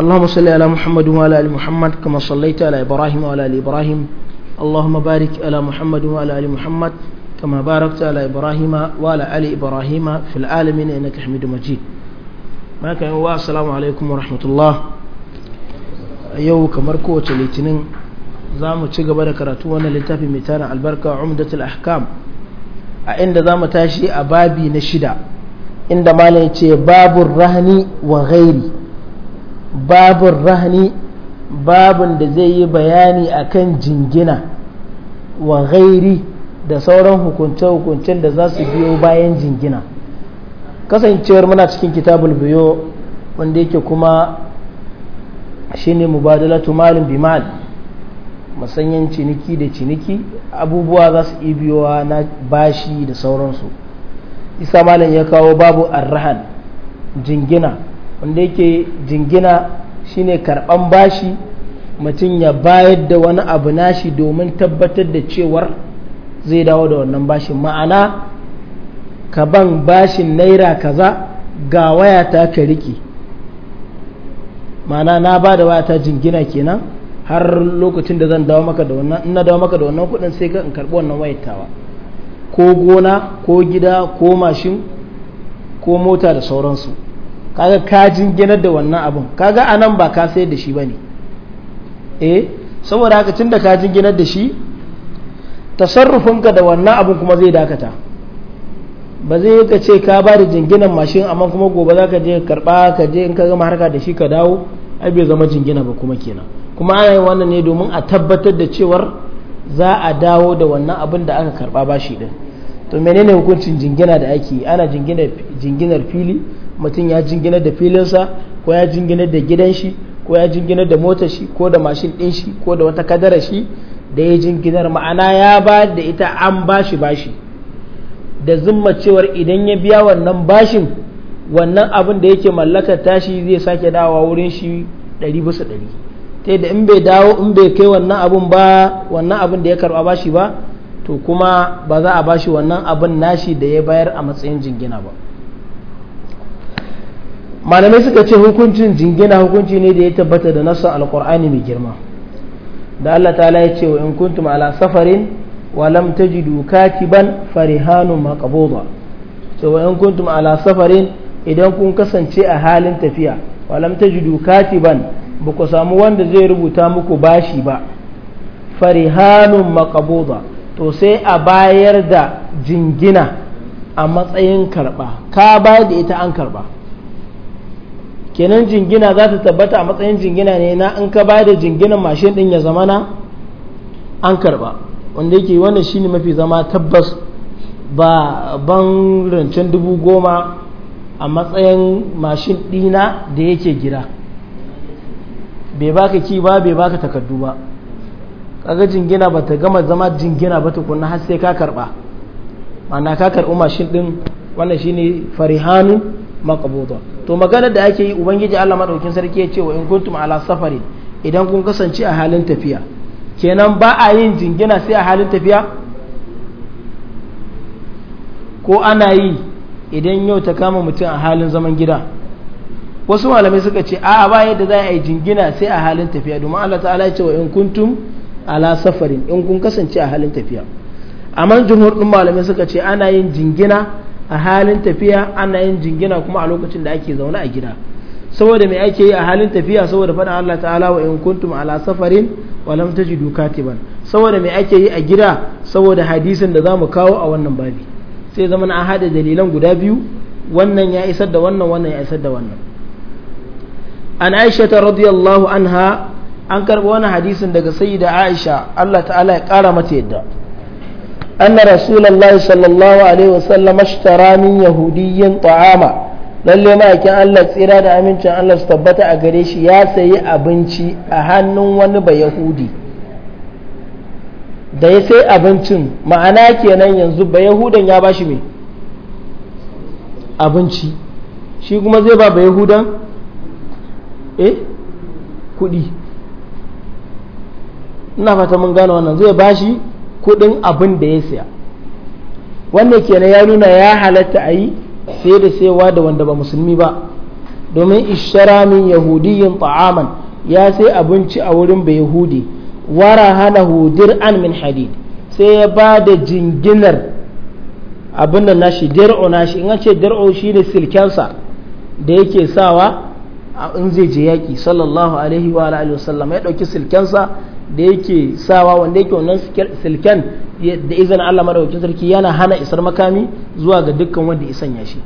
اللهم صل على محمد وعلى ال محمد كما صليت على ابراهيم وعلى ال ابراهيم اللهم بارك على محمد وعلى ال محمد كما باركت على ابراهيم وعلى ال ابراهيم في العالمين انك حميد مجيد ما كان السلام عليكم ورحمه الله yau kamar kowace litinin za mu ci gaba da karatu wannan littafi mai tana albarka umdatul ahkam a inda za mu tashi a babi na shida inda malam ce babur rahani wa ghairi babu rahani babun da zai yi bayani a kan jingina wa gairi da sauran hukunce-hukuncen da za su biyo bayan jingina kasancewar muna cikin kitabul biyo wanda yake kuma shine mubadalatu malin bi mal masanyan ciniki da ciniki abubuwa za su biyowa na bashi da sauransu isa malam ya kawo babu arrahan jingina wanda yake jingina shine karban bashi mutum ya bayar da wani abu nashi domin tabbatar da cewar zai dawo da wannan bashin ma'ana ka ban bashin naira kaza ga wayata ka rike ma'ana na ba da wayata jingina kenan har lokacin da zan dawo maka da wannan in na dawo maka da wannan kudin sai ka in karbi wannan wayatawa ko gona ko gida ko mashin ko mota da sauransu kaga ka jinginar da wannan abun kaga anan ba ka sayar da shi bane eh saboda haka tunda ka jinginar da shi tasarrufinka da wannan abun kuma zai dakata ba zai ka ce ka ba da jinginan mashin amma kuma gobe za ka je karba ka je in ka gama harka da shi ka dawo ai bai zama jingina ba kuma kenan kuma ana yin wannan ne domin a tabbatar da cewar za a dawo da wannan abin da aka karba bashi din to menene hukuncin jingina da ake ana jinginar fili mutum ya jingina da filinsa ko ya jingina da gidan shi ko ya jingina da motar shi ko da mashin ɗin shi ko da wata kadara shi da ya jinginar ma'ana ya ba da ita an bashi bashi da zumma cewar idan ya biya wannan bashin wannan abin da yake mallakar tashi zai sake dawowa wurin shi ɗari bisa ɗari ta da in bai dawo in bai kai wannan abin ba wannan abin da ya karɓa bashi ba to kuma ba za a bashi wannan abin nashi da ya bayar a matsayin jingina ba malamai suka ce hukuncin jingina hukunci ne da ya tabbata da nassan alkur'ani mai girma da Allah ta ya ce wa in kuntum ala safarin wa lam tajidu katiban farihanun maqbuda to wa in kuntum ala safarin idan kun kasance a halin tafiya wa lam tajidu katiban ba ku samu wanda zai rubuta muku bashi ba farihanun maqbuda to sai a bayar da jingina a matsayin karba ka bayar da ita an karba kenan jingina za ta tabbata a matsayin jingina ne na an ka bada jinginan mashin din ya zama na an karba wanda yake wannan shine mafi zama tabbas ba ban rancen dubu goma a matsayin mashin dina da yake gida bai baka ki ba bai baka takardu ba kaga jingina ba ta gama zama jingina ba kunna har sai ka karba ma'ana ka karbi mashin din wannan shine farihanu maqbuda to maganar da ake yi ubangiji Allah madaukin sarki ya ce wa in kuntum ala safari idan kun kasance a halin tafiya kenan ba a yin jingina sai a halin tafiya ko ana yi idan yau ta kama mutum a halin zaman gida wasu malamai suka ce a ba yadda za a yi jingina sai a halin tafiya domin Allah ta'ala ya ce wa in kuntum ala safarin in kun kasance a halin tafiya amma jumhur din malamai suka ce ana yin jingina a halin tafiya ana yin jingina kuma a lokacin da ake zaune a gida saboda mai ake yi a halin tafiya saboda faɗin Allah ta'ala wa in kuntum ala safarin wa lam tajidu katiban saboda mai ake yi a gida saboda hadisin da zamu kawo a wannan babi sai zama na hada dalilan guda biyu wannan ya isar da wannan wannan ya isar da wannan an Aisha ta radiyallahu anha an karɓi wani hadisin daga sayyida Aisha Allah ta'ala ya kara mata yadda أن رسول الله صلى الله عليه وسلم اشترى من يهودي طعاما lalle ma'aikin Allah tsira da amincin Allah su tabbata a gare shi ya sayi abinci a hannun wani ba Yahudi da ya sayi abincin ma'ana kenan yanzu ba Yahudan ya bashi me abinci shi kuma zai ba ba Yahudan eh kudi ina fata mun gane wannan zai bashi kudin abin da ya siya wannan kenan ya nuna ya halatta a yi sai da saiwa da wanda ba musulmi ba domin ishara min yahudiyin ta'aman ya sai abinci a wurin bai yahudi wara hana hudir an min hadid sai ya ba da jinginar abin da nashi dir'o nashi in ce dir'o shi ne silkensa da yake sawa in zai je yaƙi sallallahu alaihi wa alihi wasallam ya ɗauki silkensa da yake sawa wanda yake wannan silken da izinin Allah madaukakin sarki yana hana isar makami zuwa ga dukkan wanda ya sanya shi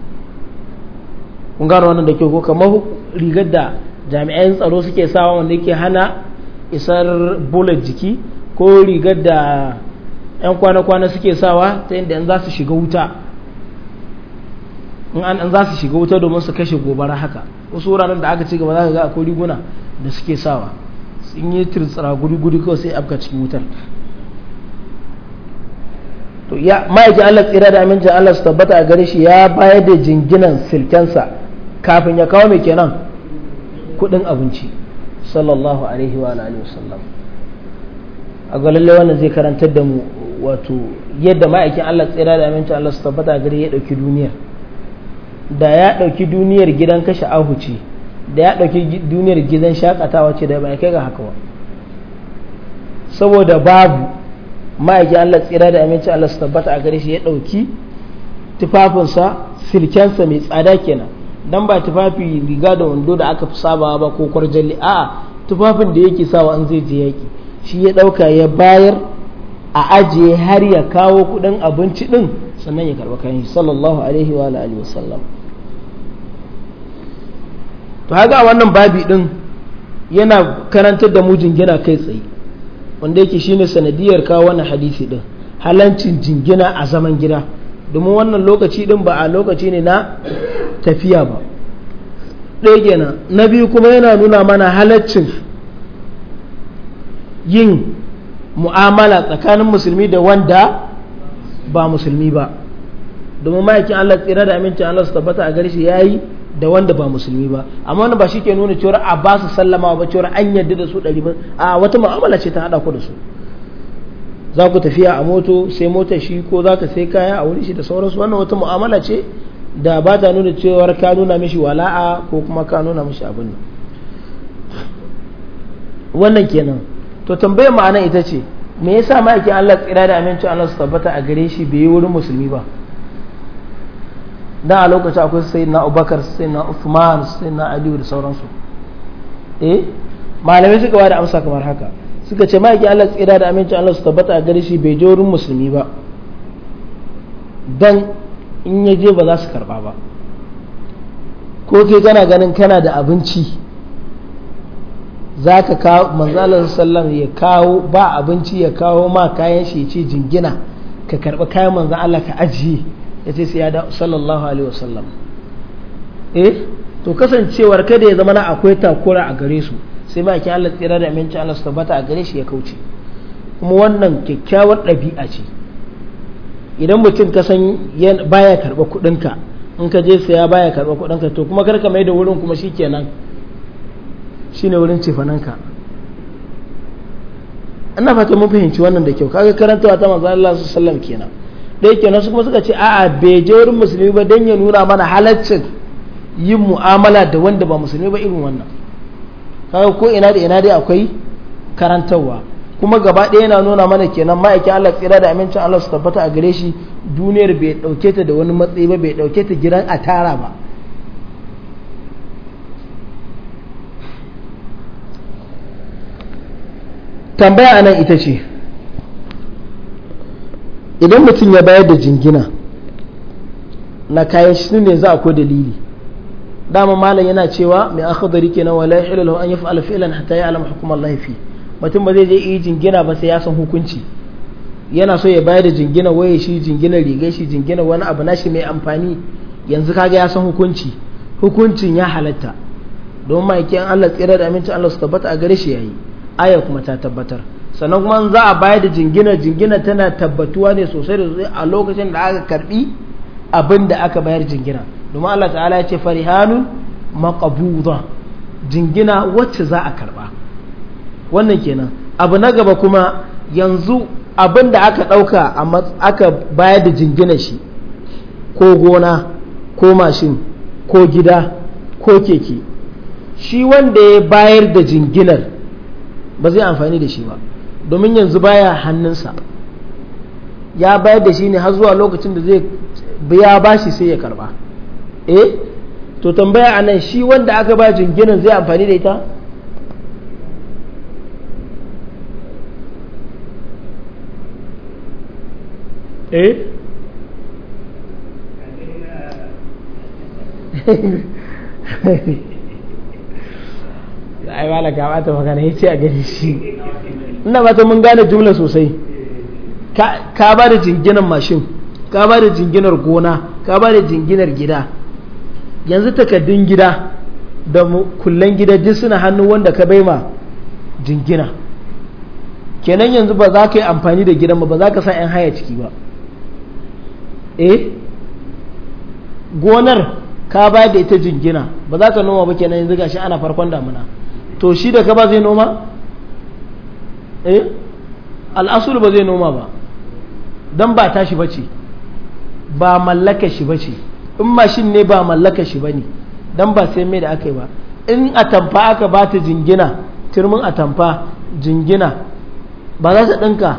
kun gano wannan da ke ko kamar rigar da jami'an tsaro suke sawa wanda yake hana isar bullet jiki ko rigar da 'yan kwana-kwana suke sawa ta yadda za su shiga wuta in an za su shiga wuta domin su kashe gobara haka wasu wuraren da aka ci gaba za ka ga akwai riguna da suke sawa in yi tirtsara guri-guri kawai sai afka cikin wutar to ya ma'aikin Allah tsira da amincin Allah su tabbata a gare shi ya bayar da jinginan silkensa kafin ya kawo mai kenan kudin abinci sallallahu alaihi wa alihi sallam a ga lalle wannan zai karantar da mu wato yadda ma'aikin Allah tsira da amincin Allah su tabbata a gare ya dauki duniyar da ya dauki duniyar gidan kashe ahuci da ya ɗauki duniyar gidan shakatawa ce da bai kai ga haka ba saboda babu ma'aikin Allah tsira da aminci Allah su tabbata a gare shi ya ɗauki tufafinsa silkensa mai tsada kenan dan ba tufafi riga da wando da aka fi sabawa ba ko kwarjalli a'a tufafin da yake sawa an zai je yaki shi ya ɗauka ya bayar a ajiye har ya kawo kuɗin abinci ɗin sannan ya kan kayan sallallahu alaihi wa alihi wasallam to haka wannan babi din yana karantar da mu jingina kai tsaye wanda yake shine sanadiyar kawo wannan hadisi din halancin jingina a zaman gida domin wannan lokaci din ba a lokaci ne na tafiya ba ɗaya na biyu kuma yana nuna mana halaccin yin mu'amala tsakanin musulmi da wanda ba musulmi ba domin ma'aikin Allah tsira da amincin Allah su tabbata a gare shi yayi da wanda ba musulmi ba amma wannan ba shi ke nuna cewar a ba su sallama ba cewar an yarda da su ɗari ba a wata mu'amala ce ta haɗa ku da su za ku tafiya a moto sai motar shi ko za ka sai kaya a wuri shi da sauransu wannan wata mu'amala ce da ba ta nuna cewar ka nuna mishi wala'a ko kuma ka nuna mishi abin wannan kenan to tambayar ma'ana ita ce me yasa ma'aikin Allah tsira da amincin Allah su tabbata a gare shi bai yi wurin musulmi ba da a lokacin akwai sai na abubakar sai na uthman sai na aliyu da sauransu eh malamai suka ba da amsa kamar haka suka ce ma'aikin allah tsira da amincin allah su tabbata a gare shi bai je wurin musulmi ba dan in ya je ba za su karba ba ko kai kana ganin kana da abinci za ka kawo manzalar sallam ya kawo ba abinci ya kawo ma kayan shi ya ce jingina ka karɓi kayan manzan Allah ka ajiye ya ce sai ya da sallallahu alaihi wasallam eh to kasancewar kada ya zama na akwai takura a gare su sai ma ki Allah tsira da aminci Allah su tabbata a gare shi ya kauce kuma wannan kyakkyawar ɗabi'a ce idan mutum ka san baya karɓa kuɗinka in ka je saya baya karɓa kuɗinka to kuma kar mai da wurin kuma shikenan shine wurin ka ina fata mun fahimci wannan da kyau kaga karantawa ta manzo Allah sallallahu alaihi wasallam kenan da kenan su kuma suka ce a'a bai je wurin musulmi ba don ya nuna mana halaccin yin mu'amala da wanda ba musulmi ba irin wannan kaga ko ina da ina dai akwai karantarwa kuma gaba ɗaya yana nuna mana kenan ma'aikin Allah tsira da amincin Allah su tabbata a gare shi duniyar bai ɗauke ta da wani matsayi ba bai ɗauke ta gidan a tara ba tambaya anan ita ce idan mutum ya bayar da jingina na kayan shi ne za a ko dalili dama malam yana cewa mai akhdari kenan wala ilaha an yaf'ala fi'lan hatta ya'lam hukum Allah fi mutum ba zai je yi jingina ba sai ya san hukunci yana so ya bayar da jingina waye shi jingina riga shi jingina wani abu nashi mai amfani yanzu kaga ya san hukunci hukuncin ya halatta don ma'aikin Allah tsira da amincin Allah su tabbata a gare shi yayi aya kuma ta tabbatar sannan kuma za a bayar da jingina jingina tana tabbatuwa ne sosai da sosai a lokacin da aka karbi abin da aka bayar jingina domin Allah ta'ala ya ce farihanun maqbuda jingina wacce za a karba wannan kenan abu na gaba kuma yanzu abin da aka ɗauka aka bayar da jingina shi ko gona ko mashin ko gida ko keke shi wanda ya bayar da jinginar ba zai amfani da shi ba domin yanzu baya hannunsa ya bayar da shi ne har zuwa lokacin da zai biya bashi sai ya karba eh to tambaya a nan shi wanda aka ba jinginan zai amfani da ita eh ai ba la magana ya a gani shi ina ba mun gane jumla sosai ka ba da jinginar mashin ka ba da jinginar gona ka ba da jinginar gida yanzu takaddun gida da kullen gida duk suna hannu wanda ka bai ma jingina kenan yanzu ba za ka yi amfani da gidan ba ba za ka sa 'yan haya ciki ba eh gonar ka ba da ita jingina ba za ka noma ba kenan yanzu gashi ana farkon damuna to shi da ka ba zai noma eh al'asuru ba zai noma ba don ba tashi bace ba mallaka shi bace in mashin ne ba mallaka shi bane dan ba sai mai da aka yi ba in atamfa aka ba ta jingina turmin atamfa jingina ba za ta ɗinka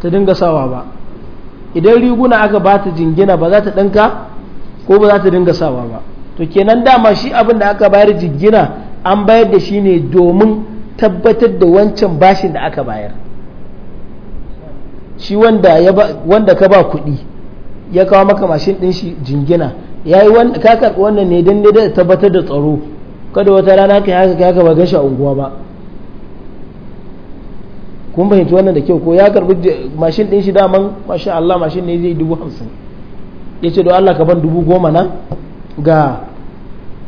ta dinga sawa ba idan riguna aka ba ta jingina ba za ta ɗinka ko ba za ta dinga sawa ba to kenan dama shi abin da aka bayar jingina an bayar da shi ne domin tabbatar da wancan bashin da aka bayar shi wanda ka ba kuɗi ya kawo maka mashin ɗin shi jingina ya yi ka karɓi wannan ne don ne da tabbatar da tsaro kada wata rana ka haka ka gaba gashi a unguwa ba kun fahimci wannan da kyau ko ya karɓi mashin ɗin shi daman masha Allah mashin ne zai dubu hamsin ya ce don Allah ka ban dubu goma na ga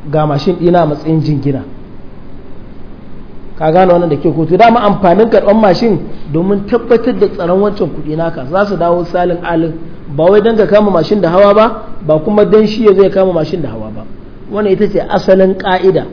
ga mashin ɗina a matsayin jingina ka gane wannan da ke kotu dama amfanin karɓar mashin domin tabbatar da tsaron wancan kuɗi naka za su dawo salin alin ba wai don ka kama mashin da hawa ba ba kuma don shi ya zai kama mashin da hawa ba wannan ita ce asalin ka'ida.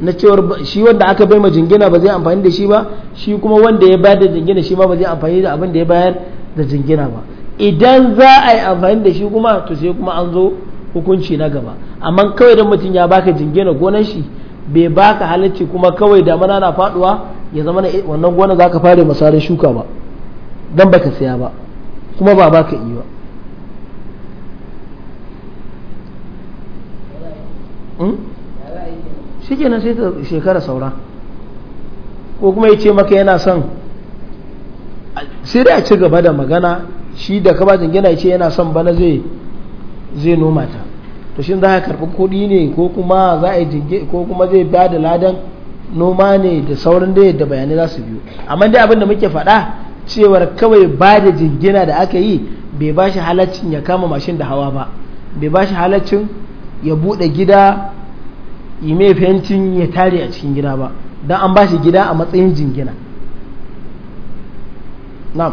na cewar shi wanda aka bai ma jingina ba zai amfani da shi ba shi kuma wanda ya bayar da jingina shi ma ba zai amfani da abin da ya bayar da jingina ba idan za a yi amfani da shi kuma to sai kuma an zo hukunci na gaba amma kawai don mutum ya baka jingina gonan shi bai baka halacci kuma kawai damana na faduwa ya zama eh, wannan gona za ka fara masara shuka ba don baka siya ba kuma ba baka yi ba hmm? shi nan sai ta shekara saura ko kuma ya ce maka yana son sai a ci gaba da magana shi da kabajin gina ya ce yana son bana zai noma ta to shin za a karɓi kuɗi ne ko kuma za a yi ko kuma zai ba da ladan noma ne da sauran da yadda bayanai za su biyu amma dai abin da muke faɗa cewar kawai ba da jingina da aka yi bai ba shi halaccin ya kama mashin da hawa ba bai ba shi halaccin ya buɗe gida yi mai fentin ya tare a cikin gida ba don an ba shi gida a matsayin jingina na'am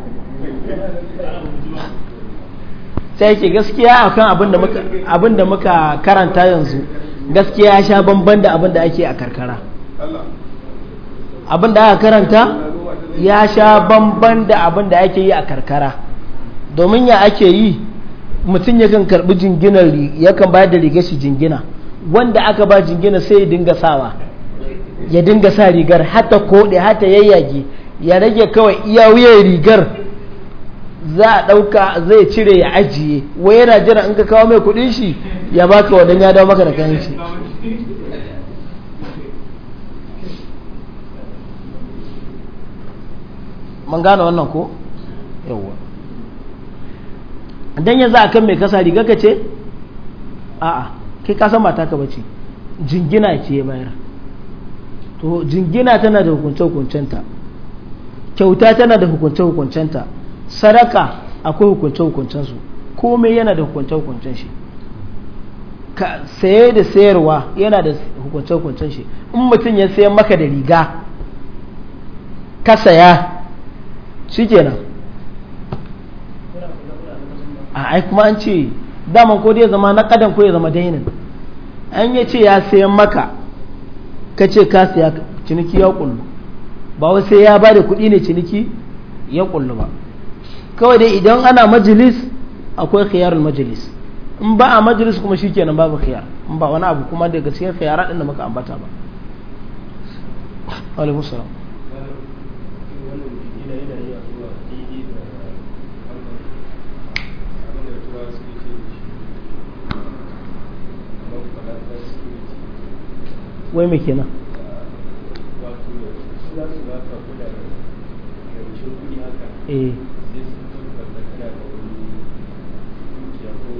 sai ke gaskiya akan abin muka abin da muka karanta yanzu gaskiya ya sha bamban da abin da ake a karkara abin da aka karanta ya sha bamban da abin da ake yi a karkara domin ya ake yi mutum yakan karbi ya yakan ba da rigar shi jingina wanda aka ba jingina sai ya dinga sawa ya dinga sa rigar hata kode hata yayyage ya rage kawai iya wuyan rigar za a ɗauka zai cire ya ajiye wai yana jira in ka kawo mai kuɗin shi ya baka wadan ya dawo maka da kayan shi man gane wannan ko yawwa dan yanzu a kan mai kasa riga ka ce a'a kai ka san mata ka bace jingina ce ya bayar to jingina tana da hukunce hukuncenta kyauta tana da hukunce hukuncenta sadaka akwai hukunce hukuncen su komai yana da hukunce hukuncen shi ka saye da sayarwa yana da hukunce hukuncen shi in mutum ya sayan maka da riga ka saya shikenan a ai kuma an ce daman ko dai zama na kadan ko ya zama dainin an ya ce ya sayan maka ka ce ka saya ciniki ya kullu ba wai sai ya ba da kuɗi ne ciniki ya kullu ba kawai dai idan ana majalis akwai khiyarul majalis in ba a majalis kuma shikenan babu khiyar in ba wani abu kuma daga cikin khiyara din da muka ambata ba alaikum salam wai mai kenan eh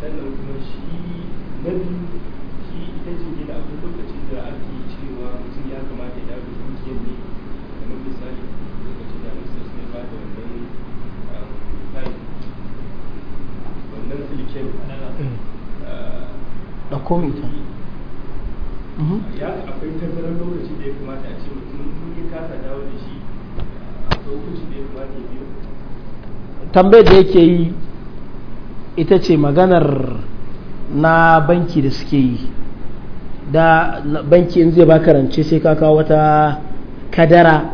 sannan kuma shi na biyu shi ita ce gida a duk lokacin da ake cewa mutum ya kamata ya bi dukiyar ne kamar misali lokacin da ba da wannan um, wannan da komi ta ya akwai lokaci da ya kamata a ce mutum ya kasa dawo da shi a lokacin da ya kamata ya biyo tambayar da yake yi ita ce maganar na banki da suke yi da banki in zai baka rance sai ka wata kadara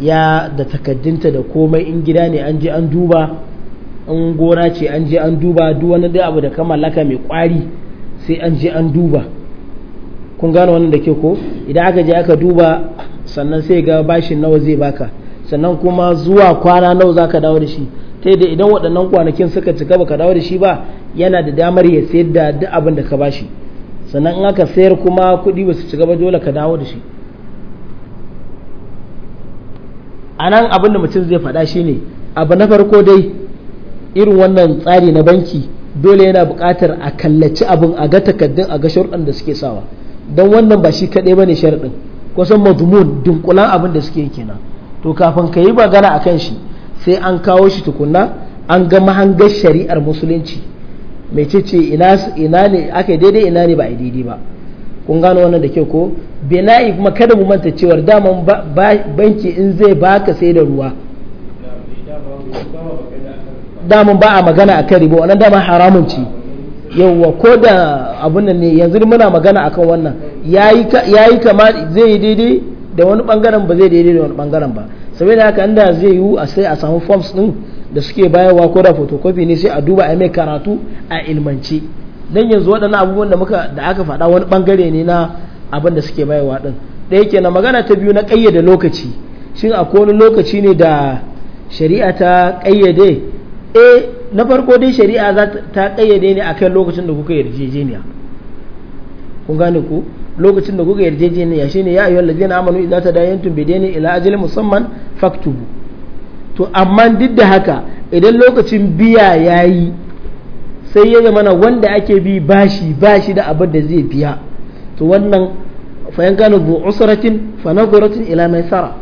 ya da takaddinta da komai in gida ne an je an duba in gona ce an je an duba duk wani dai abu da ka mallaka mai kwari sai an je an duba kun gane wannan da ke ko idan aka je aka duba sannan sai ga bashin nawa zai baka sannan kuma zuwa kwana nawa za ka dawo da shi ta da idan waɗannan kwanakin suka cika ba ka dawo da shi ba yana da damar ya sayar da duk abin da ka bashi sannan in aka sayar kuma kuɗi ba su cika ba dole ka dawo da shi a nan abin da mutum zai faɗa shi ne abu na farko dai irin wannan tsari na banki dole yana buƙatar a kallaci abin a ga takaddun a ga sharuɗan da suke sawa don wannan ba shi kaɗai ba ne sharaɗin kusan madumun dunkulan abin da suke yi kenan to kafin ka yi magana a kan shi sai an kawo shi tukunna an ga mahangar shari'ar musulunci ce-ce ina ne aka yi daidai ina ne ba a daidai ba kun gano wannan da kyau ko benayi kuma kada mu manta cewar daman banki in zai baka sai da ruwa daman ba a magana a kan ribo wannan daman haramun ci yawwa ko da abun nan ne yanzu muna magana akan wannan yayi kama zai yi daidai da wani bangaren ba zai daidai da wani bangaren ba saboda haka inda zai yiwu a sai a samu forms din da suke bayarwa ko da photocopy ne sai a duba a mai karatu a ilmance dan yanzu waɗannan abubuwan da muka da aka faɗa wani bangare ne na abin da suke bayarwa din da yake na magana ta biyu na ƙayyade lokaci shin akwai wani lokaci ne da shari'a ta ƙayyade eh na farko dai shari'a za ta ƙayyade ne akan lokacin da kuka yarjejeniya kun gane ku lokacin da kuka yarjejeniya shine ya ayyuhal ladina amanu idza tadayantum bidayni ila ajalin musamman faktubu to amma duk da haka idan lokacin biya yayi sai ya zama wanda ake bi bashi bashi da abin da zai biya to wannan fayan kanu bu usratin fa nazaratin ila maisara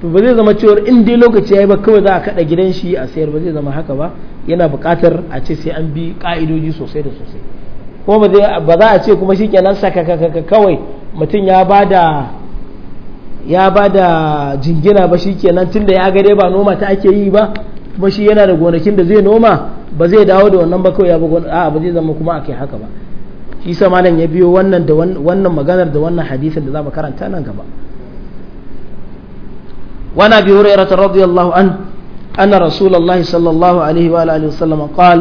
to ba zai zama cewa in dai lokaci yayi ba kawai za a kada gidan shi a sayar ba zai zama haka ba yana buƙatar a ce sai an bi ka'idoji sosai da sosai ko ba za a ce kuma shi kenan saka kawai mutum ya ba da ya ba da jingina ba shi kenan tunda ya gare ba noma ta ake yi ba kuma shi yana da gonakin da zai noma ba zai dawo da wannan ba kawai ya bugon a ba zai zama kuma akai haka ba shi sa ya biyo wannan da wannan maganar da wannan hadisin da za mu karanta nan gaba wana ابي هريره رضي الله عنه ان رسول sallallahu alaihi wa عليه واله وسلم قال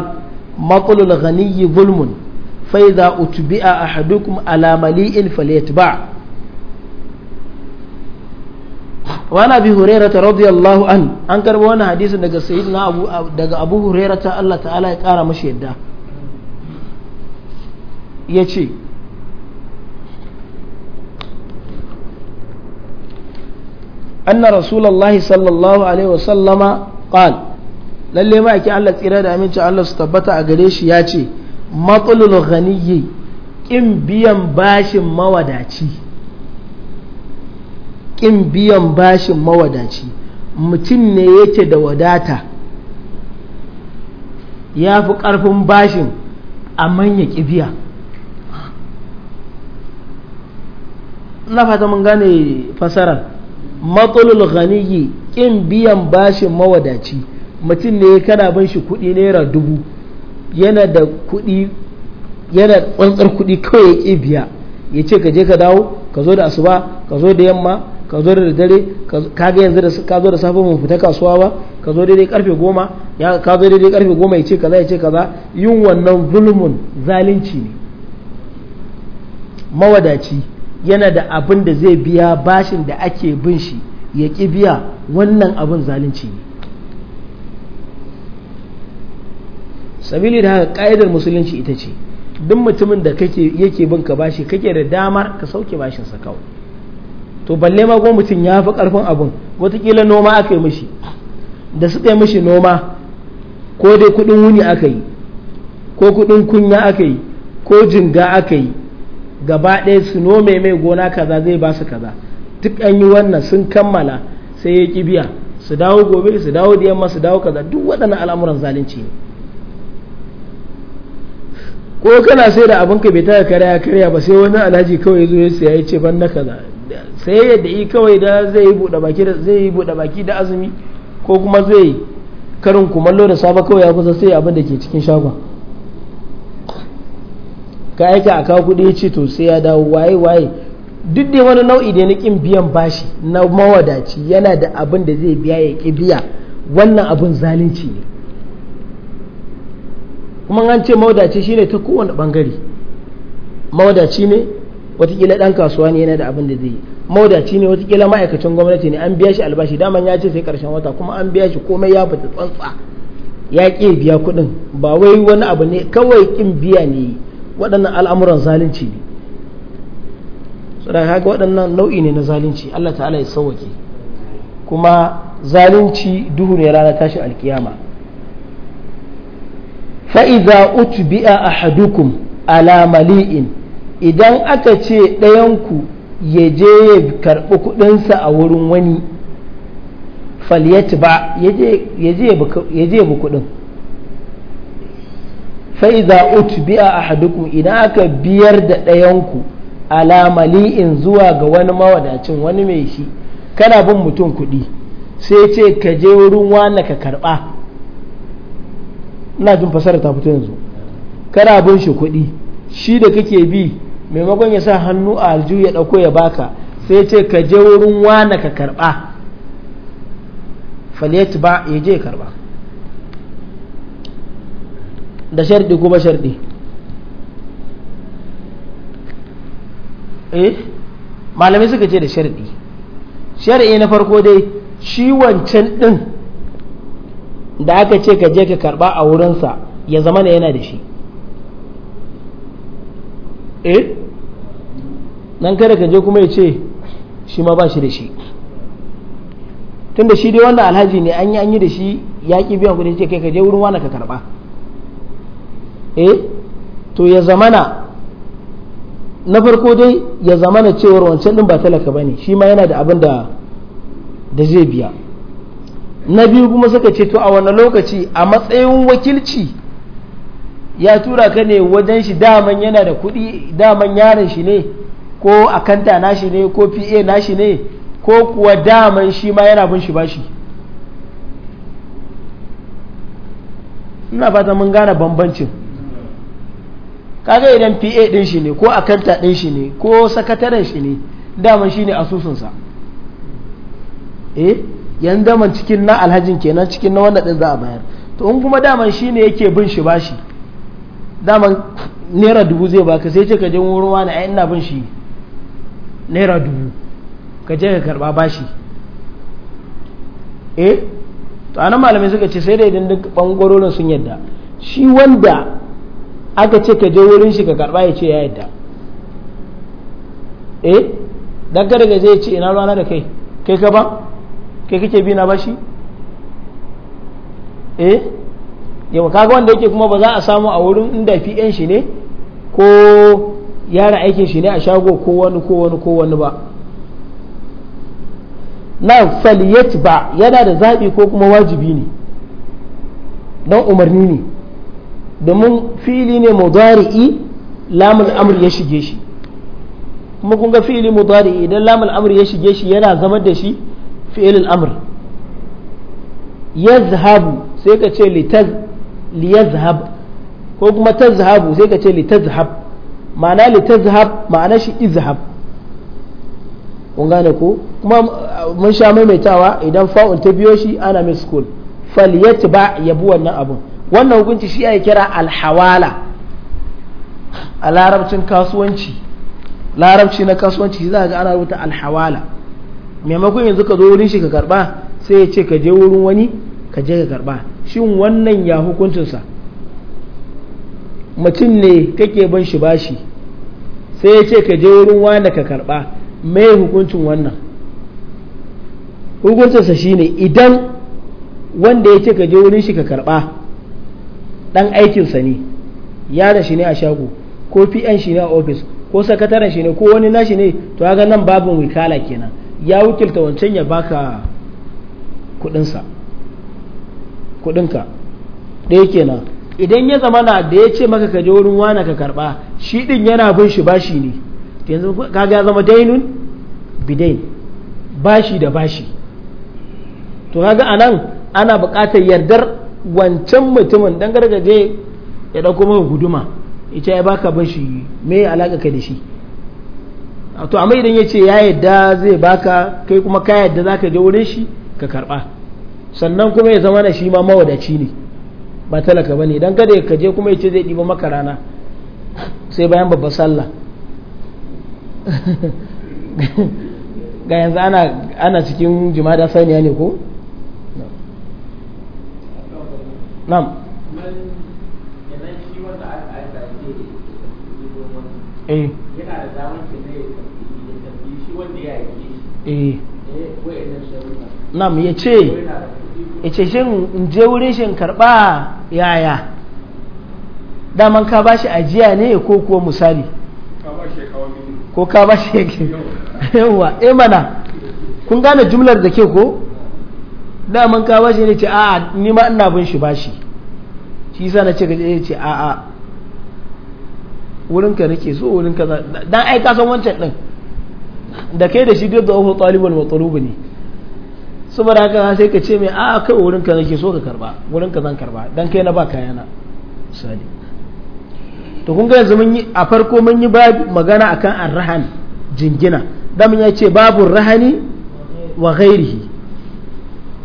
مطل الغني ظلم fa utubi a ahadukum ala mali'in falyatba wa ana bi hurairata radiyallahu an an karbo wannan daga sayyidina abu Allah ta'ala ya kara mashi yadda yace أن رسول الله صلى الله عليه وسلم قال lalle ma yake Allah tsira da aminci Allah su tabbata a gare shi ya ce matsalul ghaniyyi kin biyan bashin mawadaci kin biyan bashin mawadaci mutum ne yake da wadata ya fi ƙarfin bashin a manya ƙi biya na fata mun gane fasarar matsalul ghaniyyi kin biyan bashin mawadaci mutum ne ya kana bin shi kuɗi naira dubu yana da kuɗi yana tsantsar kuɗi kawai ya ƙi biya ya ce ka je ka dawo ka zo da asuba ka zo da yamma ka zo da dare ka ga yanzu ka zo da safe mun fita kasuwa ba ka zo daidai karfe goma ya ka zo daidai karfe goma ya ce kaza ya ce kaza yin wannan zulmun zalunci ne mawadaci yana da abin da zai biya bashin da ake bin shi ya ƙi biya wannan abin zalunci ne sabili da haka ka'idar musulunci ita ce duk mutumin da kake yake bin ka bashi kake da damar ka sauke bashin sa kawai to balle ma ko mutum ya fi karfin abun wataƙila noma aka yi mishi da suka yi mishi noma ko dai kuɗin wuni aka yi ko kuɗin kunya aka yi ko jinga aka yi gaba ɗaya su nome mai gona kaza zai ba su kaza duk an yi wannan sun kammala sai ya ƙi biya su dawo gobe su dawo da yamma su dawo kaza duk waɗannan al'amuran zalunci ne ko kana sai da abinka bai taka kare ya karya ba sai wani alhaji kawai ya zo ya siya ya ce ban na kaza sai yadda yi kawai da zai yi bude baki da zai yi baki da azumi ko kuma zai karin kumallo da saba kawai ya kusa sai abin da ke cikin shagon ka aika a kawo kuɗi ce to sai ya dawo waye waye duk da wani nau'i da na ƙin biyan bashi na mawadaci yana da abin da zai biya ya ƙi biya wannan abin zalunci ne kuma an ce mawadaci shine ta kowane bangare mawadaci ne watakila dan kasuwa ne yana da abin da zai yi mawadaci ne watakila ma'aikacin gwamnati ne an biya shi albashi daman ya ce sai karshen wata kuma an biya shi komai ya fita tsantsa ya ƙi biya kuɗin ba wai wani abu ne kawai ƙin biya ne waɗannan al'amuran zalunci ne saboda haka waɗannan nau'i ne na zalunci Allah ta'ala ya sauwake kuma zalunci duhu ne rana tashi alkiyama fa'iza utbi'a ahadukum ala mali'in idan aka ce ɗayanku ya je ya karɓi kuɗinsa a wurin wani faliyati ba ya je ya bi kuɗin fa'iza utbi'a ahadukum idan aka biyar da ɗayanku ala mali'in zuwa ga wani mawadacin wani mai shi kana bin mutum kuɗi sai ce ka je wurin wani ka karɓa ina jin fasara ta fito yanzu kana bin shi kuɗi shi da kake bi maimakon ya sa hannu a aljihu ya ɗauko ya baka sai ce ka je wurin wana ka karɓa falet ba ya je ya karɓa da sharɗi ko sharɗi eh malamai suka ce da sharɗi shar'i na farko dai shi wancan ɗin da aka ce ka je ka karba a wurinsa ya zama na yana da shi eh nan kada ka je kuma ya ce shi ma ba shi da shi tunda shi dai wanda alhaji ne an yi an yi da shi ya ki biyan kuɗi ce kai ka je wurin wani ka karba eh to ya zamana na farko dai ya zamana cewar wancan din ba talaka bane shi ma yana da abin da da zai biya na biyu kuma suka ce to a wani lokaci a matsayin wakilci ya tura ka ne wajen shi daman yana da kuɗi daman yaron shi ne ko akanta shi ne ko pa shi ne ko kuwa daman shi ma yana bin shi shi ina fata mun gane bambancin kaga idan pa din shi ne ko akanta din shi ne ko sakataren shi ne daman shi ne asusunsa eh yan daman cikin na alhajin kenan cikin na wannan din za a bayar to in kuma daman ne yake bin shi bashi daman naira dubu zai baka sai ce ka je wurin wani ai ina bin shi naira dubu ka je ka karba bashi eh to anan malamai suka ce sai da idan duk bangarorin sun yadda shi wanda aka ce ka je wurin shi ka karba ya ce ya yadda eh dan ka daga zai ce ina rana da kai kai ka ba kai kake bi na bashi eh yawa kaga wanda yake kuma ba za a samu a wurin inda fi yan shi ne ko yara aikin shi ne a shago ko wani ko wani ko wani ba na faliyat ba yana da zaɓi ko kuma wajibi ne don umarni ne domin fili ne mudari'i lamul amr ya shige shi kuma kun ga fili mudari'i idan lamul amr ya shige shi yana zama da shi fi'il al-amr yazhabu sai ka ce litaz liyazhab ko kuma tazhabu sai ka ce litazhab ma'ana litazhab ma'ana shi izhab kun gane ko kuma uh, mun sha maimaitawa idan fa'un ta biyo shi ana mai school falyatba yabu wannan abun wannan hukunci shi ake kira alhawala a larabcin kasuwanci larabci na kasuwanci shi za ga ana rubuta alhawala maimakon yanzu ka zo wurin shi ka karba sai ya ce ka je wurin wani ka je ka karba shin wannan ya hukuncinsa mutum ne kake ban shi bashi sai ya ce ka je wurin wani ka karba mai hukuncin wannan hukuncinsa shine idan wanda ya ce ka je wurin shi ka karba dan aikinsa ne yada shi ne a shago ko pn shi ne a ofis ko sakataren shi ne ko wani nashi ne to ga nan babin wikala kenan ya wukilta wancan ya baka kudinsa kudinka ɗaya kenan idan ya zama na da ya ce maka kaje je wurin wana ka karba shi ɗin yana bin shi bashi ne yanzu kaga zama dainun bidain bashi da bashi to kaga anan ana buƙatar yardar wancan mutumin dan gargaje ya dauko maka guduma ita ya baka bashi me alaka ka da shi to amma idan ya ce ya yadda zai baka kai kuma ka yadda zaka je wurin shi ka karba sannan kuma ya zama na shi ma mawadaci ne ba talaka ba ne idan kada ka je kuma ya ce zai ɗiba maka rana sai bayan babbar sallah ga yanzu ana cikin jimada saniya ne ko? nam eh eh nam ya ce ya ce shin in je wurin shin karɓa yaya daman ka ba shi ajiya ne ko kuwa misali ko ka ba shi yawa eh mana kun gane jumlar da ke ko daman ka ba shi ne ce a'a ni ma ina bin shi bashi shi yasa na ce gaje ce a'a wurinka nake so wurinka dan ai ka san wancan din da kai da shi duk da ohu talibul matsalubu ne saboda haka sai ka ce mai a kai wurin ka nake so ka karba wurin ka zan karba dan kai na ba kayana sani to kun ga yanzu mun yi a farko mun yi magana akan arrahan jingina dan mun ya ce babu rahani wa ghairihi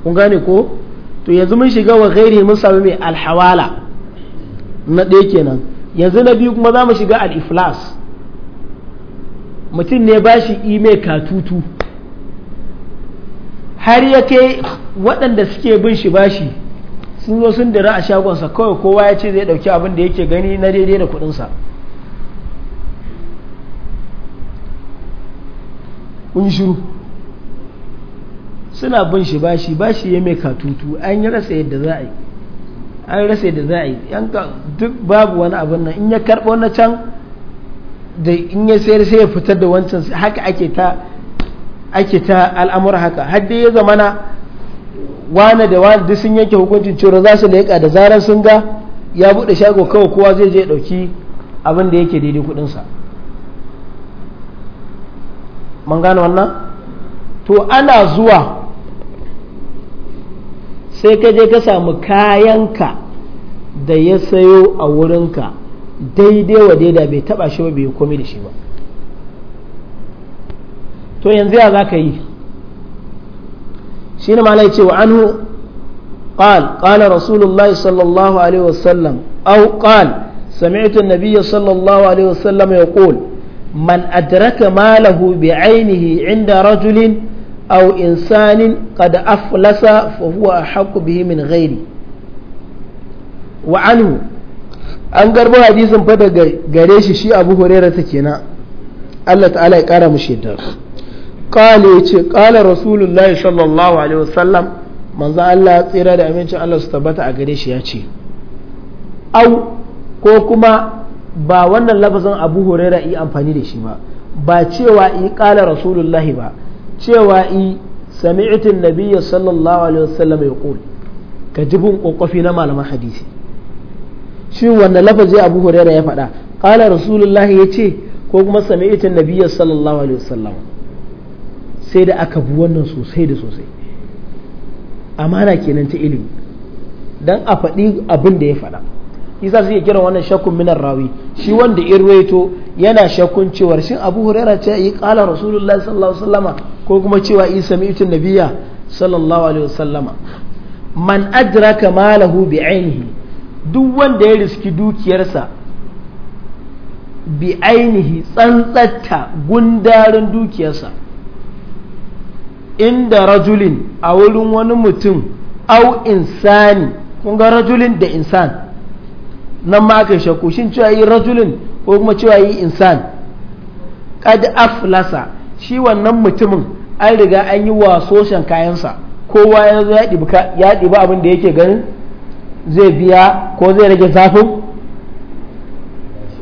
kun gane ko to yanzu mun shiga wa ghairihi mun samu mai alhawala na ɗaya kenan yanzu na biyu kuma za mu shiga al-iflas mutum ne ba shi ime katutu har ya kai waɗanda suke bin shi bashi sun zo sun dira a shagonsa kawai kowa ya ce zai ɗauki abin da yake gani na daidai da kuɗinsa kun shiru suna bin shi bashi bashi ya mai katutu an yi rasa yadda za a yi an rasa yadda za a yi duk babu wani abin nan in ya karɓo na can da in ya sayar sai ya fitar da wancan haka ake ta ake ta al'amura haka har dai ya na wane da wane duk sun yanke hukuncin cewa za su leƙa da zarar sun ga ya buɗe shago kawai kowa zai je ɗauki abin da yake daidai kuɗinsa man gane wannan to ana zuwa sai ka je ka samu kayanka da ya sayo a wurinka daidai wa daida bai taba shi ba bai komai da shi ba to yanzu ya za ka yi shi ne malai ce wa anhu قال قال رسول الله صلى الله عليه وسلم أو قال سمعت النبي صلى الله عليه وسلم يقول من أدرك ماله بعينه عند رجل أو إنسان قد أفلس فهو أحق به من غيره وعنه an garba hadisin fa daga gare shi shi abu huraira ta kenan Allah ta'ala ya kara mushi da qala yace kala rasulullahi sallallahu alaihi wasallam manzo Allah ya tsira da amincin Allah su tabbata a gare shi ya ce au ko kuma ba wannan lafazin abu huraira yi amfani da shi ba ba cewa yi kala rasulullahi ba cewa yi sami'tu an-nabiyya sallallahu alaihi wasallam yaqul ka jibin kokofi na malaman hadisi shi wanda lafazi abu huraira ya faɗa qala rasulullahi ce ko kuma sami'tu nabiya sallallahu alaihi wasallam sai da aka bi wannan sosai da sosai amana kenan ta ilimi dan a faɗi abin da ya faɗa isa suke kiran wannan shakkun minar rawi shi wanda in ruwaito yana shakkun cewar shin abu huraira ce yi kala rasulullahi sallallahu alaihi wasallama ko kuma cewa isa mi'tun nabiya sallallahu alaihi wasallama man adraka malahu bi ainihi duk wanda ya riski dukiyarsa bi ainihi tsantsatta gundarin dukiyarsa inda rajulin a wurin wani mutum au insani kun ga rajulin da insan nan ma aka shakku shin cewa yi rajulin ko kuma cewa yi insan kad aflasa shi wannan mutumin an riga an yi wasoshen kayansa kowa ya zo ya ɗiba abin da yake ganin zai biya ko zai rage zafin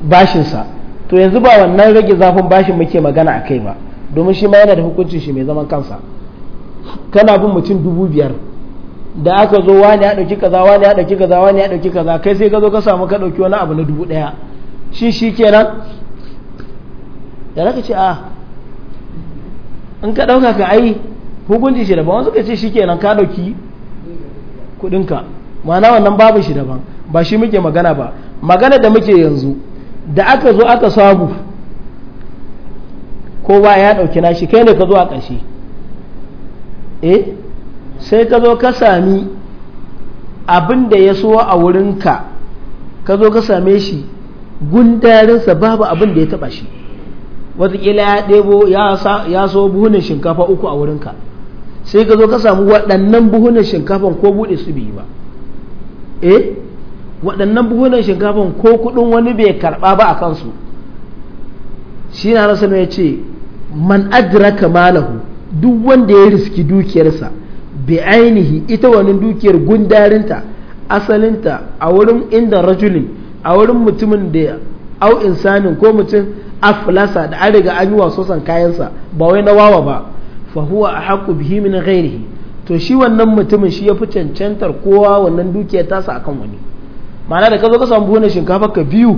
bashinsa to yanzu ba wannan rage zafin bashin muke magana a kai ba domin shi ma yana da hukuncin shi mai zaman kansa kana bin mutum dubu biyar da aka zo wani ya ɗauki kaza wani ya ɗauki kaza wani ya ɗauki kaza kai sai ka zo ka samu ka ɗauki wani abu na dubu ɗaya shi shi kenan da zaka ce a ah, in ka ɗauka ka ai hukunci shi da ba wani suka ce shi kenan ka ɗauki kuɗinka ma'ana wannan babu shi daban ba shi muke magana ba magana da muke yanzu da aka zo aka ko ba ya ɗauki nashi kai ne ka zo a ƙarshe eh sai ka zo ka sami abin da ya so a wurinka ka zo ka same shi gundarinsa babu abin da ya taba shi watakila ya ɗebo ya so buhunan shinkafa uku a wurinka sai ka zo ka samu waɗannan buhunan shinkafa ko buɗe su biyu ba eh waɗannan buhunan shinkafan ko kuɗin wani bai karɓa ba a kansu shi na rasu ya ce man adraka malahu duk wanda ya riski dukiyarsa bi ainihi ita wani dukiyar gundarinta asalinta a wurin inda rajulin a wurin mutumin da au insanin ko mutum aflasa da an riga an yi san kayansa ba wai na wawa ba fahuwa a haƙu bihi min ghairihi to shi wannan mutumin shi ya fi cancantar kowa wannan dukiyar tasa akan wani ma'ana da ka zo ka samu buhunan shinkafa ka biyu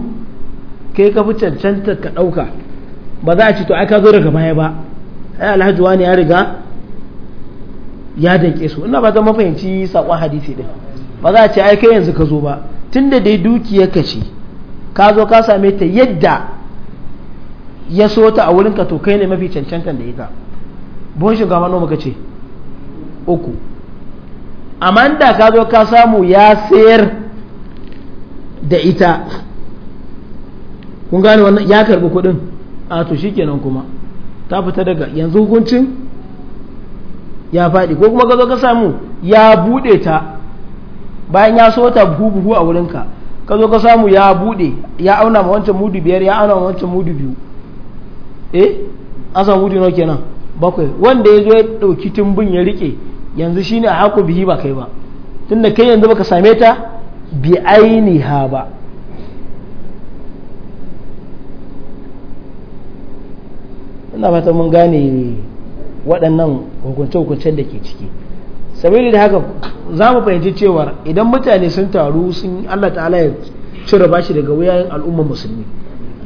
kai ka fi cancantar ka ɗauka ba za a ci to ai ka zo daga baya ba ai alhaji wani ya riga ya danke su ina ba ta mafahimci saƙon hadisi din ba za a ce ai kai yanzu ka zo ba tunda dai dukiyar ka ce ka zo ka same ta yadda ya so ta a wurinka to kai ne mafi cancantar da ita buhun shinkafa nawa muka ce uku amma da ka zo ka samu ya sayar da ita kun gane wannan ya karbi kudin a to shikenan kuma ta fita daga yanzu hukuncin ya faɗi ko kuma ka zo ka samu ya buɗe ta bayan ya so ta buhu buhu a wurinka ka zo ka samu ya buɗe ya auna ma wancan mudu biyar ya auna ma wancan mudu biyu eh an samu mudu nawa kenan bakwai wanda ya zo ya ɗauki tumbin ya riƙe yanzu shine a haku bihi ba kai ba tunda kai yanzu baka same ta bi ainiha ba ina fata mun gane waɗannan hukunce-hukuncen da ke ciki sabili da haka za mu fahimci cewar idan mutane sun taru sun Allah ta'ala ya cire bashi daga wuyayen al'ummar musulmi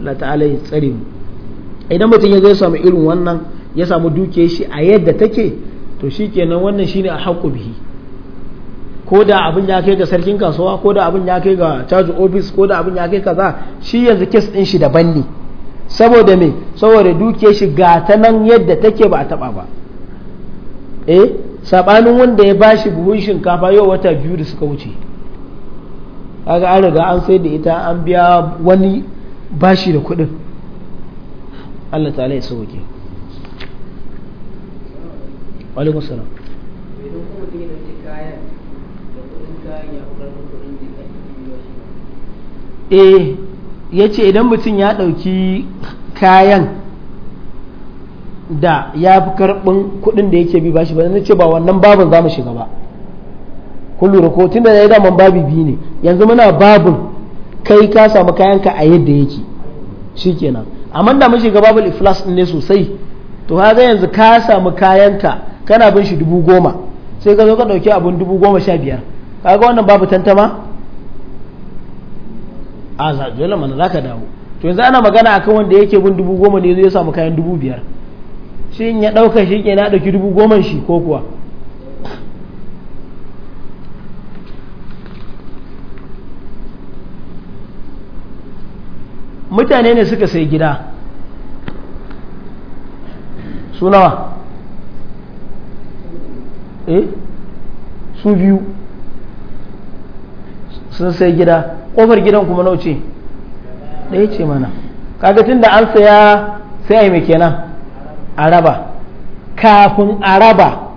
Allah ta'ala ya tsare mu idan mutum ya zai samu irin wannan ya samu dukiyar shi a yadda take to shi kenan wannan shine a haƙƙo bihi ko da abin ya kai ga sarkin kasuwa ko da abin ya kai ga caji ofis ko da abin ya kai kaza shi yanzu kes ɗin shi daban ne saboda me saboda dukiyar shi ga ta nan yadda take ba a taɓa ba eh saɓanin wanda ya bashi buhun shinkafa yau wata biyu da suka wuce kaga an riga an sai da ita an biya wani bashi da kuɗin Allah ta'ala ya sauke eh ya ce idan mutum ya ɗauki kayan da ya fi karɓin kuɗin da yake bi ba shi ba na ce ba wannan babin za mu shiga ba kun lura ko tunda da ya daman babi biyu ne yanzu muna babin kai ka samu kayanka a yadda yake shikenan amma da mu shiga babin iflas ne sosai to haza yanzu ka samu kayanka kana bin shi dubu goma sai ka zo ka ɗauki abun dubu goma sha biyar kaga wannan babu tantama a za dole mana za ka dawo to yanzu ana magana akan wanda yake bin dubu goma ne ya samu kayan dubu biyar shi ya ɗauka shi ke na ɗauki dubu goma shi ko kuwa mutane ne suka sai gida sunawa eh su biyu sun sai gida ƙofar gidan kuma nau ce ɗaya ce mana kaga da an saya sai a yi mai kenan araba kafin araba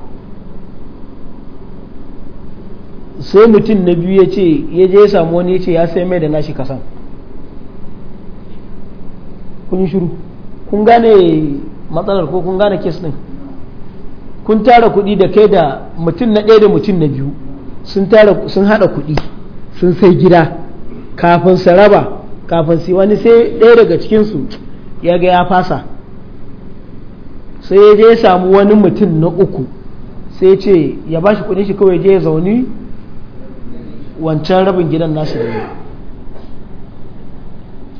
sai mutum na biyu ya ce ya je ya samu wani ya ce ya sai mai da nashi kasan kun yi shiru kun gane matsalar ko kun gane kes din kun tara kuɗi da kai da mutum na ɗaya da mutum na biyu sun haɗa kuɗi sun sai gida kafin su raba kafin su wani sai ɗaya daga cikinsu ya ga ya fasa sai ya je ya samu wani mutum na uku sai ce ya ba shi kuɗin shi kawai je ya zauni wancan rabin gidan nasu da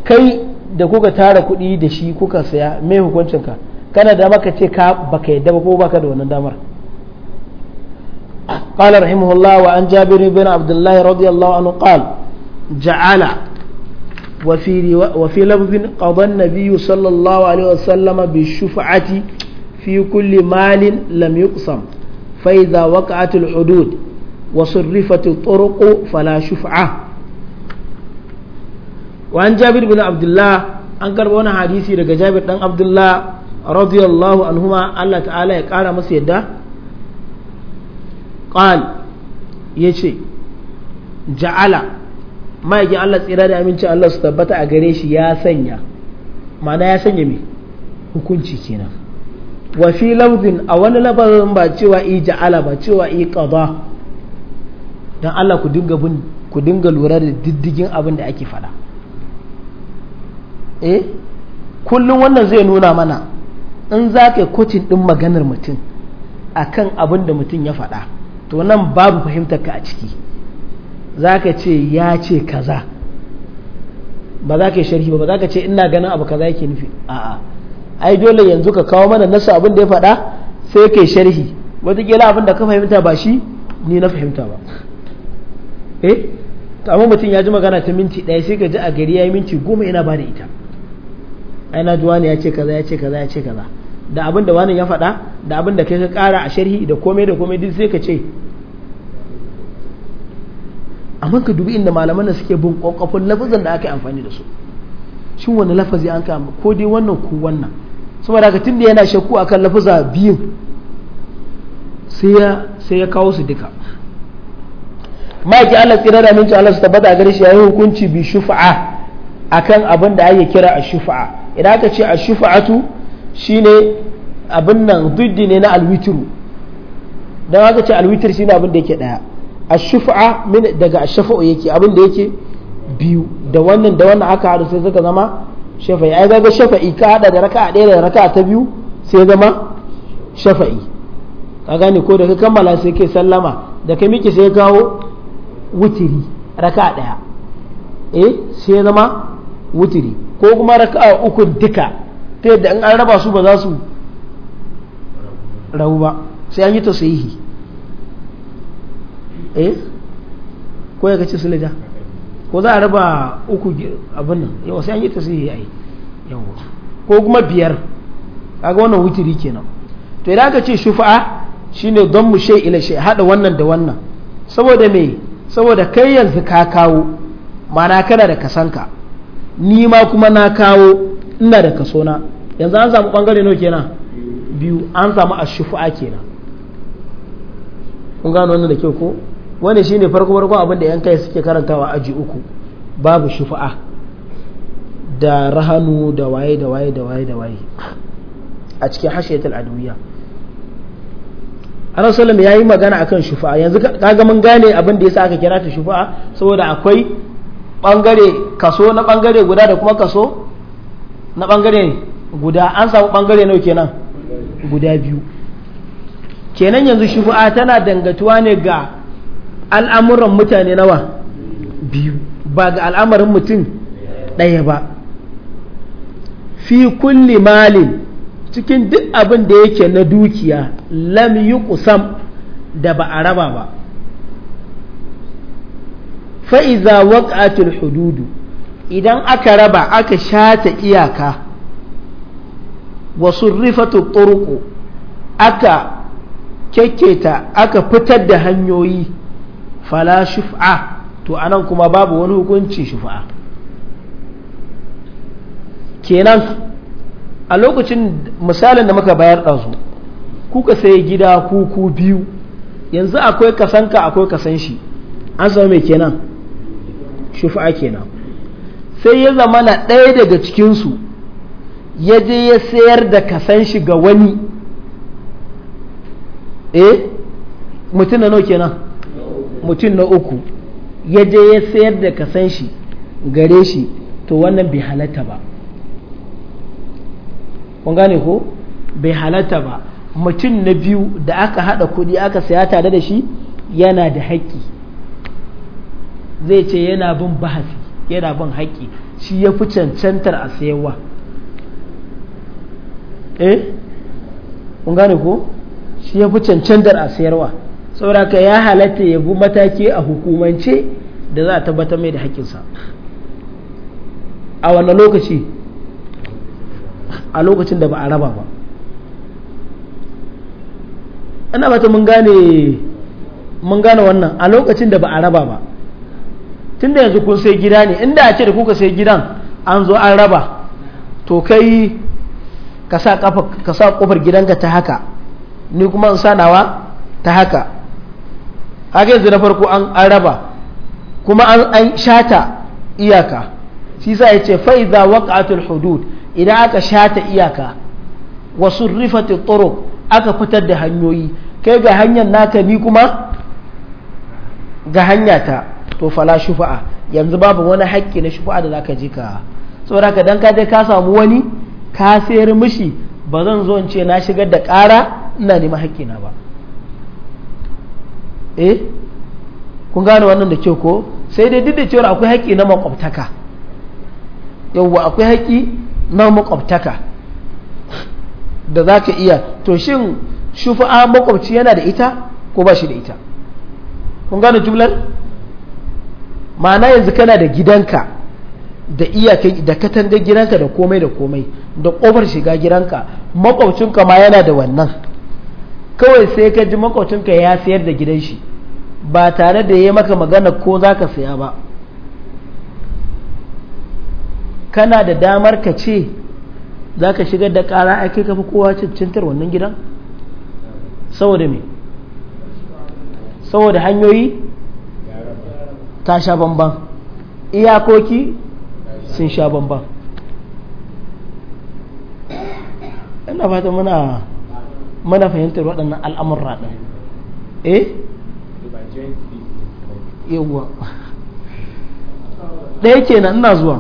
kai da kuka tara kuɗi da shi kuka saya mai hukuncinka kana da maka ce ka baka yadda ba ko baka da wannan damar قال رحمه الله وعن جابر بن عبد الله رضي الله عنه قال جعل وفي وفي لفظ قضى النبي صلى الله عليه وسلم بالشفعة في كل مال لم يقسم فإذا وقعت الحدود وصرفت الطرق فلا شفعة وعن جابر بن عبد الله أنكر بنا حديثي لك جابر بن عبد الله radiyallahu anhuma Allah ta'ala ya kara masa yadda qal ya ce ja'ala ma'aikin Allah tsira da amincin Allah su tabbata a gare shi ya sanya ma'ana ya sanya mai hukunci kenan wa fi lafzin a wani labarin ba cewa i ja'ala ba cewa i qada dan Allah ku dinga bin ku dinga lura da diddigin abin da ake faɗa eh kullum wannan zai nuna mana in za ka yi kocin ɗin maganar mutum a kan abin da mutum ya faɗa to nan babu fahimtar ka a ciki za ka ce ya ce kaza ba za ka yi sharhi ba ba za ka ce ina ganin abu kaza yake nufi a'a ai dole yanzu ka kawo mana nasu abin da ya faɗa sai ka yi sharhi wataƙila abin da ka fahimta ba shi ni na fahimta ba eh amma mutum ya ji magana ta minti ɗaya sai ka ji a gari ya yi minti goma ina ba da ita ai na ji wani ya ce kaza ya ce kaza ya ce kaza da abin da wani ya faɗa da abin da kai ka ƙara a sharhi da komai da komai duk sai ka ce amma ka dubi inda malaman nan suke bin ƙwaƙwafin lafazin da aka yi amfani da su shin wani lafazi an kama ko dai wannan ko wannan saboda haka tunda yana shakku akan lafaza biyu sai ya sai ya kawo su duka ma'aiki Allah tsira da minci Allah su tabbata a gare shi yayin hukunci bi shufa'a akan abin da ake kira a shufa'a idan aka ce a shufa'atu shine abin nan duddi ne na alwitru don aka ce shi shine abin da yake daya a shufa'a daga shafa'u yake abin da yake biyu da wannan da wannan aka haɗu sai suka zama shafa'i ai ga shafa'i ka hada da raka'a ɗaya da raka ta biyu sai zama shafa'i ka gane ko da ka kammala sai ke sallama da ka miki sai kawo wutiri raka'a ɗaya eh sai zama wutiri ko kuma raka'a uku duka ta yadda an raba su ba za su rabu ba sai an yi ta eh ko ya su sulaja ko za a raba uku abin nan yawa sai an yi ta sai yi yawa ko kuma biyar kaga wannan wutiri kenan to idan aka ce shufa'a shine don mu shai ila shai hada wannan da wannan saboda me saboda kai yanzu ka kawo mana kana da kasanka ni ma kuma na kawo ina da kaso yanzu an samu bangare nawa kenan biyu an samu a ashufa kenan kun gano wannan da kyau ko wani shine farko farko abin da yan kai suke karantawa aji uku babu shufa'a da rahanu da waye da waye da waye da waye a cikin hashiyatul adawiya Allah sallallahu ya yi magana akan shufa'a yanzu kaga mun gane abin da yasa aka kira ta shufa'a saboda akwai bangare kaso na bangare guda da kuma kaso na bangare guda an samu bangare nawa kenan guda biyu kenan yanzu shubu'a tana dangantuwa ne ga al'amuran mutane nawa biyu ba ga al'amarin mutum ɗaya ba fi kulli malin cikin duk abin da yake na dukiya lam yi kusam da ba a raba ba fa'iza waƙatul hududu idan aka raba aka shata iyaka wasu rifatu turku aka kyakketa aka fitar da hanyoyi fala shuf'a to anan kuma babu wani hukunci shuf'a kenan a lokacin misalin da muka bayar ɗazu kuka sai gida kuku biyu yanzu akwai kasanka akwai kasan shi an sami mai kenan shufa'a kenan sai ya zama na ɗaya daga cikinsu ya je ya sayar da kasan shi ga wani eh mutum na nauke kenan mutum na uku ya je ya sayar da kasan shi gare shi to wannan bai halatta ba kun gane ko bai halatta ba mutum na biyu da aka hada kudi aka saya tare da shi yana da haƙƙi zai ce yana bin bahasi yana bin haƙƙi shi ya fi cancantar a sayarwa eh kun gane ko shi ya fi cancantar a sayarwa ka ya halatta ya bi mataki a hukumance da za a tabbatar mai da haƙƙinsa a wannan lokaci a lokacin da ba a raba ba ana bata mun gane mun gane wannan a lokacin da ba a raba ba tun da yanzu kun sai gida ne inda a ce da kuka sai gidan an zo an raba to kai ka sa kofar gidanka ta haka ni kuma an sanawa ta haka haka yanzu na farko an raba kuma an shata iyaka shi sa ya ce fa'iza waƙatul hudud idan aka shata iyaka wasu rifati tsoro aka fitar da hanyoyi kai ga hanyar naka ni kuma ga hanya hanyata to fala shufa'a yanzu babu wani haƙƙi na shufa'a da zaka ji ka saboda ka dan ka je ka samu wani ka sayar mishi ba zan zo in ce na shigar da ƙara ina neman haƙƙi na ba eh kun gane wannan da kyau ko sai dai duk da cewa akwai haƙƙi na makwabtaka yawwa akwai haƙƙi na makwabtaka da za ka iya to shin shufa'a makwabci yana da ita ko ba shi da ita kun gane jumlar ma'ana yanzu kana da gidanka da iyakai da katangar gidanka da komai da komai da ƙofar shiga gidanka makwabcinka ma yana da wannan kawai sai ka ji makwabcinka ya sayar da gidan shi ba tare da ya maka magana ko za ka saya ba kana da damar ka ce za ka shigar da ƙara ake kafa kowa cintar wannan gidan saboda me saboda hanyoyi ta sha bamban iyakoki sun sha bamban ina fata muna muna fahimtar waɗannan al'amurra ɗin eh yawwa ɗaya kenan ina zuwa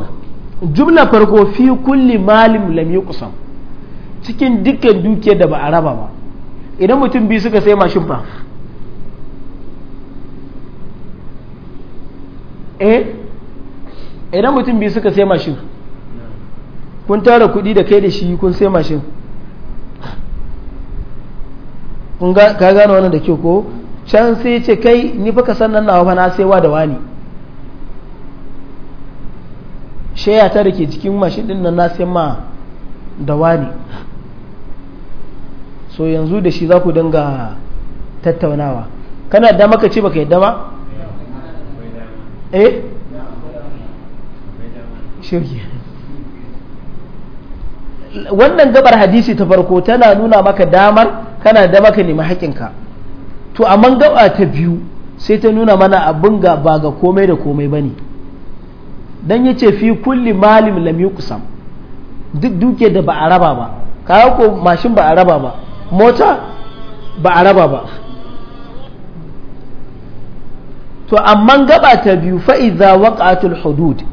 jumla farko fi kulli malim lam kusan cikin dukkan dukiyar da ba a raba ba idan mutum biyu suka sai mashin ba eh idan mutum biyu suka sai mashin kun tara kuɗi da kai da shi kun sai mashin kun ka gano wannan da kyau ko can sai ce kai ni fa ka san nan nawa fa na saiwa da wani sheya ta da ke cikin mashin din nan na sai ma da wani so yanzu da shi za ku dinga tattaunawa kana da maka ce baka yadda ba eh wannan gabar hadisi ta farko tana nuna maka damar kana da maka nemi haƙinka to amma gaba ta biyu sai ta nuna mana abin ga ba ga komai da komai ba bane dan ce fi kulli malim lam kusam duk duke da ba a raba ba kawo ko mashin ba a raba ba mota ba a raba ba to amma gaba ta biyu fa'iza waqatul hudud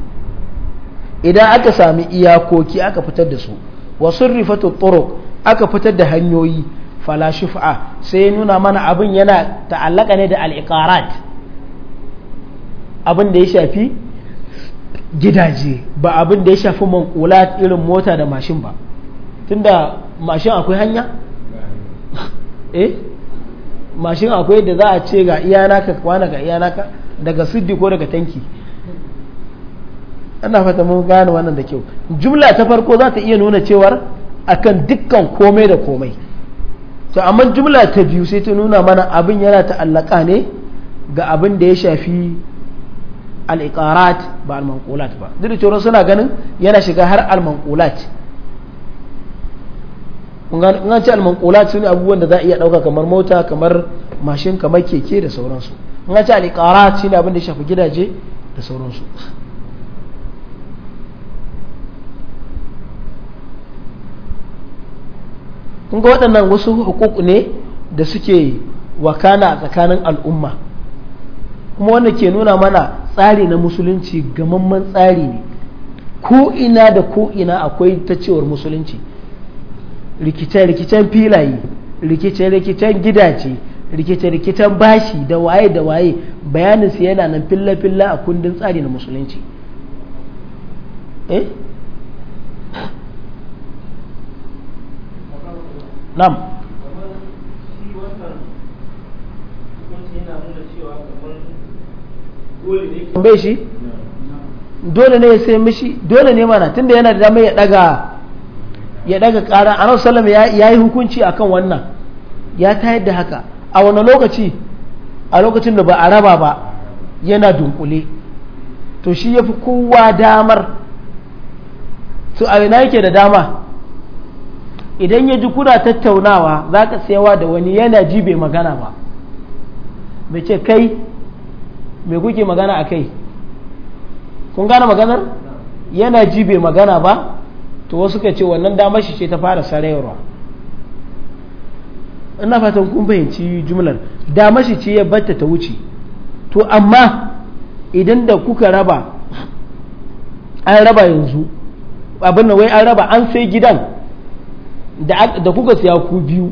idan aka sami iyakoki aka fitar da su wa turuq aka fitar da hanyoyi fala shuf'a sai nuna mana abin yana ta'allaka ne da al'iqarat abin da ya shafi gidaje ba abin da ya shafi mankulat irin mota da mashin ba tunda mashin akwai hanya eh mashin akwai da za a ce ga iya naka kwana ga iya naka daga siddi ko daga tanki ana fata mun gane wannan da kyau jumla ta farko za ta iya nuna cewar akan dukkan komai da komai to amma jumla ta biyu sai ta nuna mana abin yana ta'allaka ne ga abin da ya shafi al ba al ba duk da suna ganin yana shiga har al in ce almanqulat su ne abubuwan da za a iya ɗauka kamar mota kamar mashin kamar keke da sauransu in ce alƙara su ne abin da shafi gidaje da sauransu kun ga waɗannan wasu hukuku ne da suke wakana a tsakanin al'umma kuma wanda ke nuna mana tsari na musulunci gamamman tsari ne ko da ko ina akwai ta cewar musulunci rikice-rikicen filaye rikice-rikicen gidaje rikice-rikicen bashi da waye da waye bayanin su yana nan filla-filla a kundin tsari na musulunci eh nam dole ne sai mishi dole ne mana tunda yana da damar ya daga ya daga ƙara anan salama ya yi hukunci a kan wannan ya tayar da haka a wani lokaci a lokacin da ba a raba ba yana dunkule to shi ya fi kowa damar to a ina yake da dama idan ya ji kuna tattaunawa za ka tsayawa da wani yana ji bai magana ba mai ce kai mai kuke magana a kai kun gane maganar yana ji bai magana ba to wasu ka ce wannan damar shi ce ta fara sarewa ina fatan kun fahimci jumlar damar shi ce ya batta ta wuce to amma idan da kuka raba an raba yanzu abin wai an raba an sai gidan da kuka siya ku biyu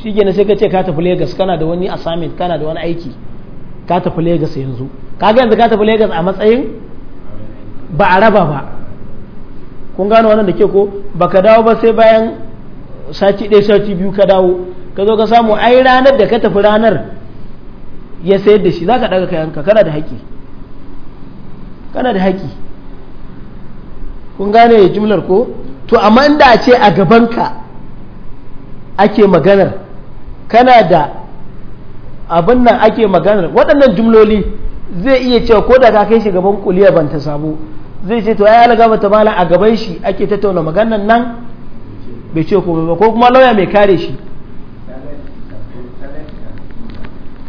shi gina sai ka ce ka tafi Legas kana da wani assignment kana da wani aiki ka tafi Legas yanzu ka ga yanzu ka tafi Legas a matsayin ba a raba ba kun gane wannan da ke ko ba ka dawo ba sai bayan sati ɗaya sati biyu ka dawo ka zo ka samu ai ranar da ka tafi ranar ya sayar da shi za ka ɗaga kayanka kana da haƙƙi kana da haƙƙi kun gane jimlar ko to amma inda a ce a gabanka ake maganar kana da abin nan ake maganar waɗannan jumloli zai iya cewa ko da ka kai shi gaban kuliya ban ta sabo zai ce to ya alga mata mala a gaban shi ake tattauna maganan nan bai ce komai ba ko kuma lauya mai kare shi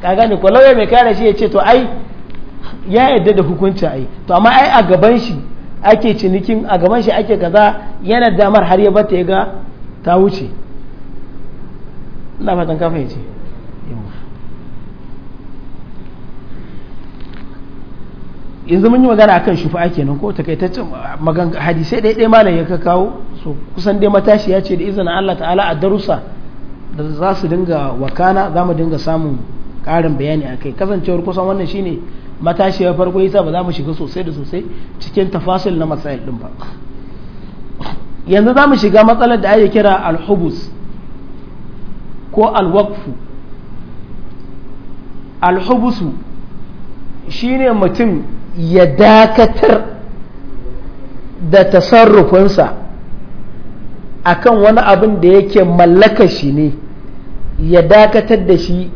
ka gane ko lauya mai kare shi ya ce to ai ya yadda da hukuncin ai to amma ai a gaban shi ake cinikin a gaban shi ake kaza yana damar har ya bata ya ga ta wuce ina fatan ka fahimci yanzu mun yi magana a kan shufa'a kenan ko takaitaccen magan hadisai ɗaya ɗaya malam ya ka kawo so kusan dai matashi ya ce da izinin Allah ta'ala a darussa da za su dinga wakana za mu dinga samun ƙarin bayani a kai kasancewar kusan wannan shine matashi ya farko yasa ba za mu shiga sosai da sosai cikin tafasil na matsayin ɗin ba yanzu za mu shiga matsalar da ake kira alhubus ko alwakfu alhubusu shine mutum ya dakatar da tasarrufinsa akan wani abin da yake mallaka shi ne ya dakatar da shi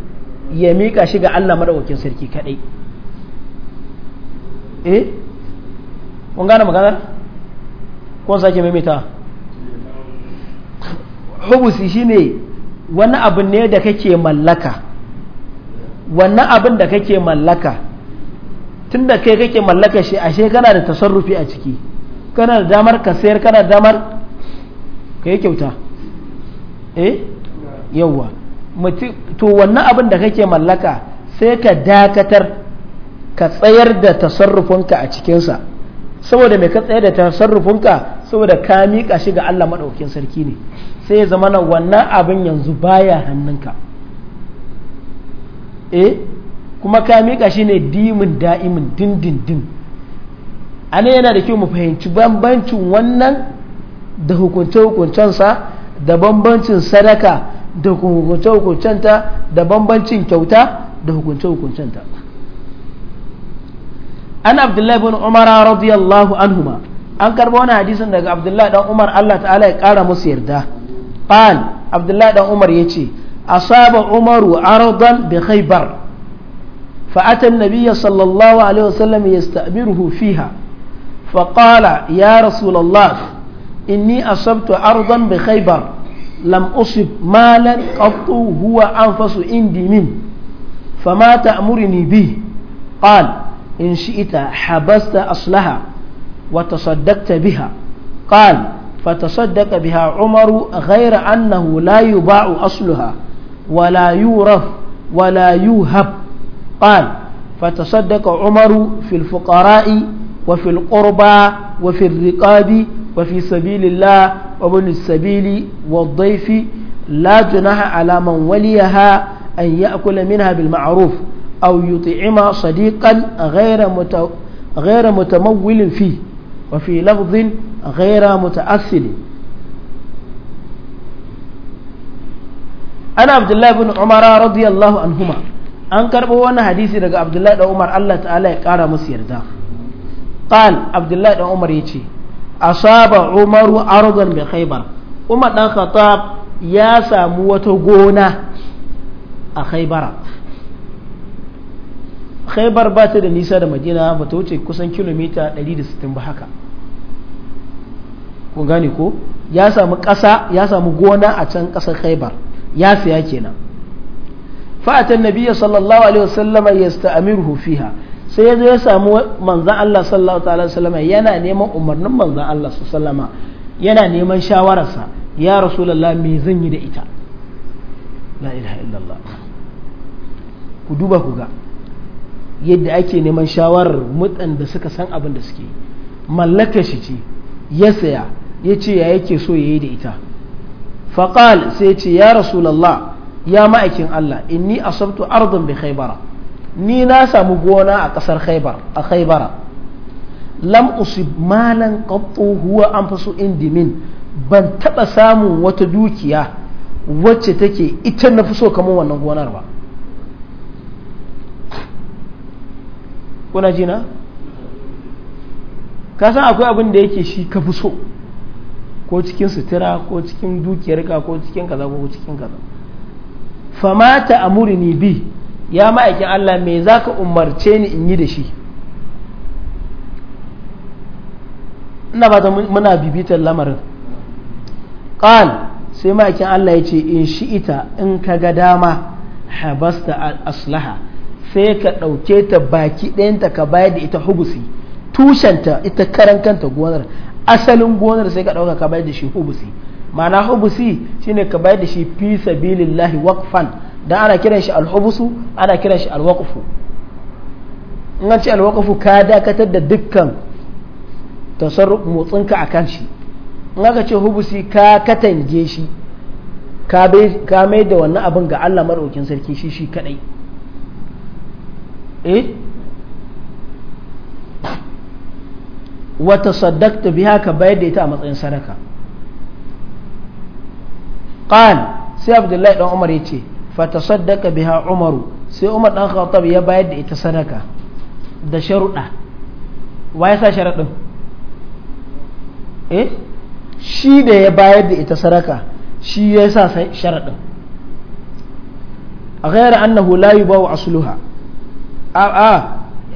ya miƙa shi ga Allah maɗaukakin sarki kaɗai eh kun gane maganar kun sake maimaita hubusi shine wani abu ne da kake mallaka wannan abin da kake mallaka tunda kai kake mallaka shi ashe kana da tasarrufi a ciki kana da damar ka sayar kana da damar ka yi kyauta eh yawwa to wannan abin da kake mallaka sai ka dakatar ka tsayar da tasarrufinka a cikinsa saboda mai ka tsayar da tasarrufinka saboda ka miƙa shi ga Allah maɗaukin sarki ne sai ya zama wannan abin yanzu baya hannunka eh kuma ka miƙa shi ne dimin da'imin dindindin a ne yana da kyau mu fahimci bambancin wannan da hukunce-hukuncensa da bambancin sadaka da hukunce-hukuncenta da bambancin kyauta da hukunce-hukuncenta an abdullahi bin umara radiyallahu anhuma an karba wani hadisin daga abdullahi dan umar allah ta'ala ya kara musu yarda qal abdullahi dan umar ya ce asaba umaru aradan bi khaybar فأتى النبي صلى الله عليه وسلم يستأمره فيها فقال يا رسول الله إني أصبت أرضا بخيبر لم أصب مالا قط هو أنفس عندي منه فما تأمرني به قال إن شئت حبست أصلها وتصدقت بها قال فتصدق بها عمر غير أنه لا يباع أصلها ولا يورث ولا يوهب قال فتصدق عمر في الفقراء وفي القربى وفي الرقاب وفي سبيل الله وابن السبيل والضيف لا جناح على من وليها أن يأكل منها بالمعروف أو يطعم صديقا غير غير متمول فيه وفي لفظ غير متأثر أنا عبد الله بن عمر رضي الله عنهما an karɓo wani hadisi daga abdullahi da umar allah ta'ala ya ƙara musu yarda qal abdullahi da umar ya ce asaba umaru ardan bi khaybar umar ɗan khattab ya samu wata gona a khaybara khaybar ba ta da nisa da madina ba ta wuce kusan kilomita 160 ba haka kun gane ko ya samu ƙasa ya samu gona a can ƙasar khaibar ya siya kenan sallallahu alaihi صلى الله عليه وسلم يستأمره فيها sai ya zo ya samu manzan Allah sallallahu alaihi wasallam yana neman umarnin manzan Allah sallama yana neman shawararsa ya rasu lalla me zan yi da ita la ilaha illallah ku duba ku ga yadda ake neman shawarar mutan da suka san abin da suke mallaka shi ce ya saya ya ce ya yake so ya yi da ita faqal sai ya ce ya rasu lalla. ya ma'aikin Allah inni asabtu ardun bi khaybara ni na samu gona a kasar khaybar a khaybara lam usib malan qattu huwa anfusu indimin ban taba samun wata dukiya wacce take ita na fi so kamar wannan gonar ba kuna jina ka san akwai abin da yake shi ka fi so ko cikin sutura ko cikin ka ko cikin kaza ko cikin kaza famata ta amurini bi ya ma'aikin Allah me za ka umarce ni in yi da shi ina ba ta muna bibitar lamarin ƙal sai ma'aikin Allah ya ce in shi ita in ka ga dama habasta aslaha sai ka ɗauke ta baki ɗayanta ka bayar da ita hubusi tushenta ita karankanta gonar asalin gonar sai ka ɗauka ka bayar da shi hubusi ma'ana hubusi shine ka bayar da shi fi sabilillahi waqfan dan ana kiran shi alhubusu ana kiran shi alwaqfu in an ce alwaqfu ka dakatar da dukkan tasarruf motsinka akan shi in aka ce hubusi ka katange shi ka mai da wannan abin ga Allah maɗaukin sarki shi shi kadai eh wata tasaddaqta biya ka bayar da ita a matsayin sadaka qal sai abdullahi dan umar yace fa tasaddaqa biha umaru sai umar dan khattab ya bayar da ita sadaka da sharuda wa ya sa sharaɗin eh shi da ya bayar da ita sadaka shi ya sa sharaɗin a ghayar annahu la yubawu asluha a a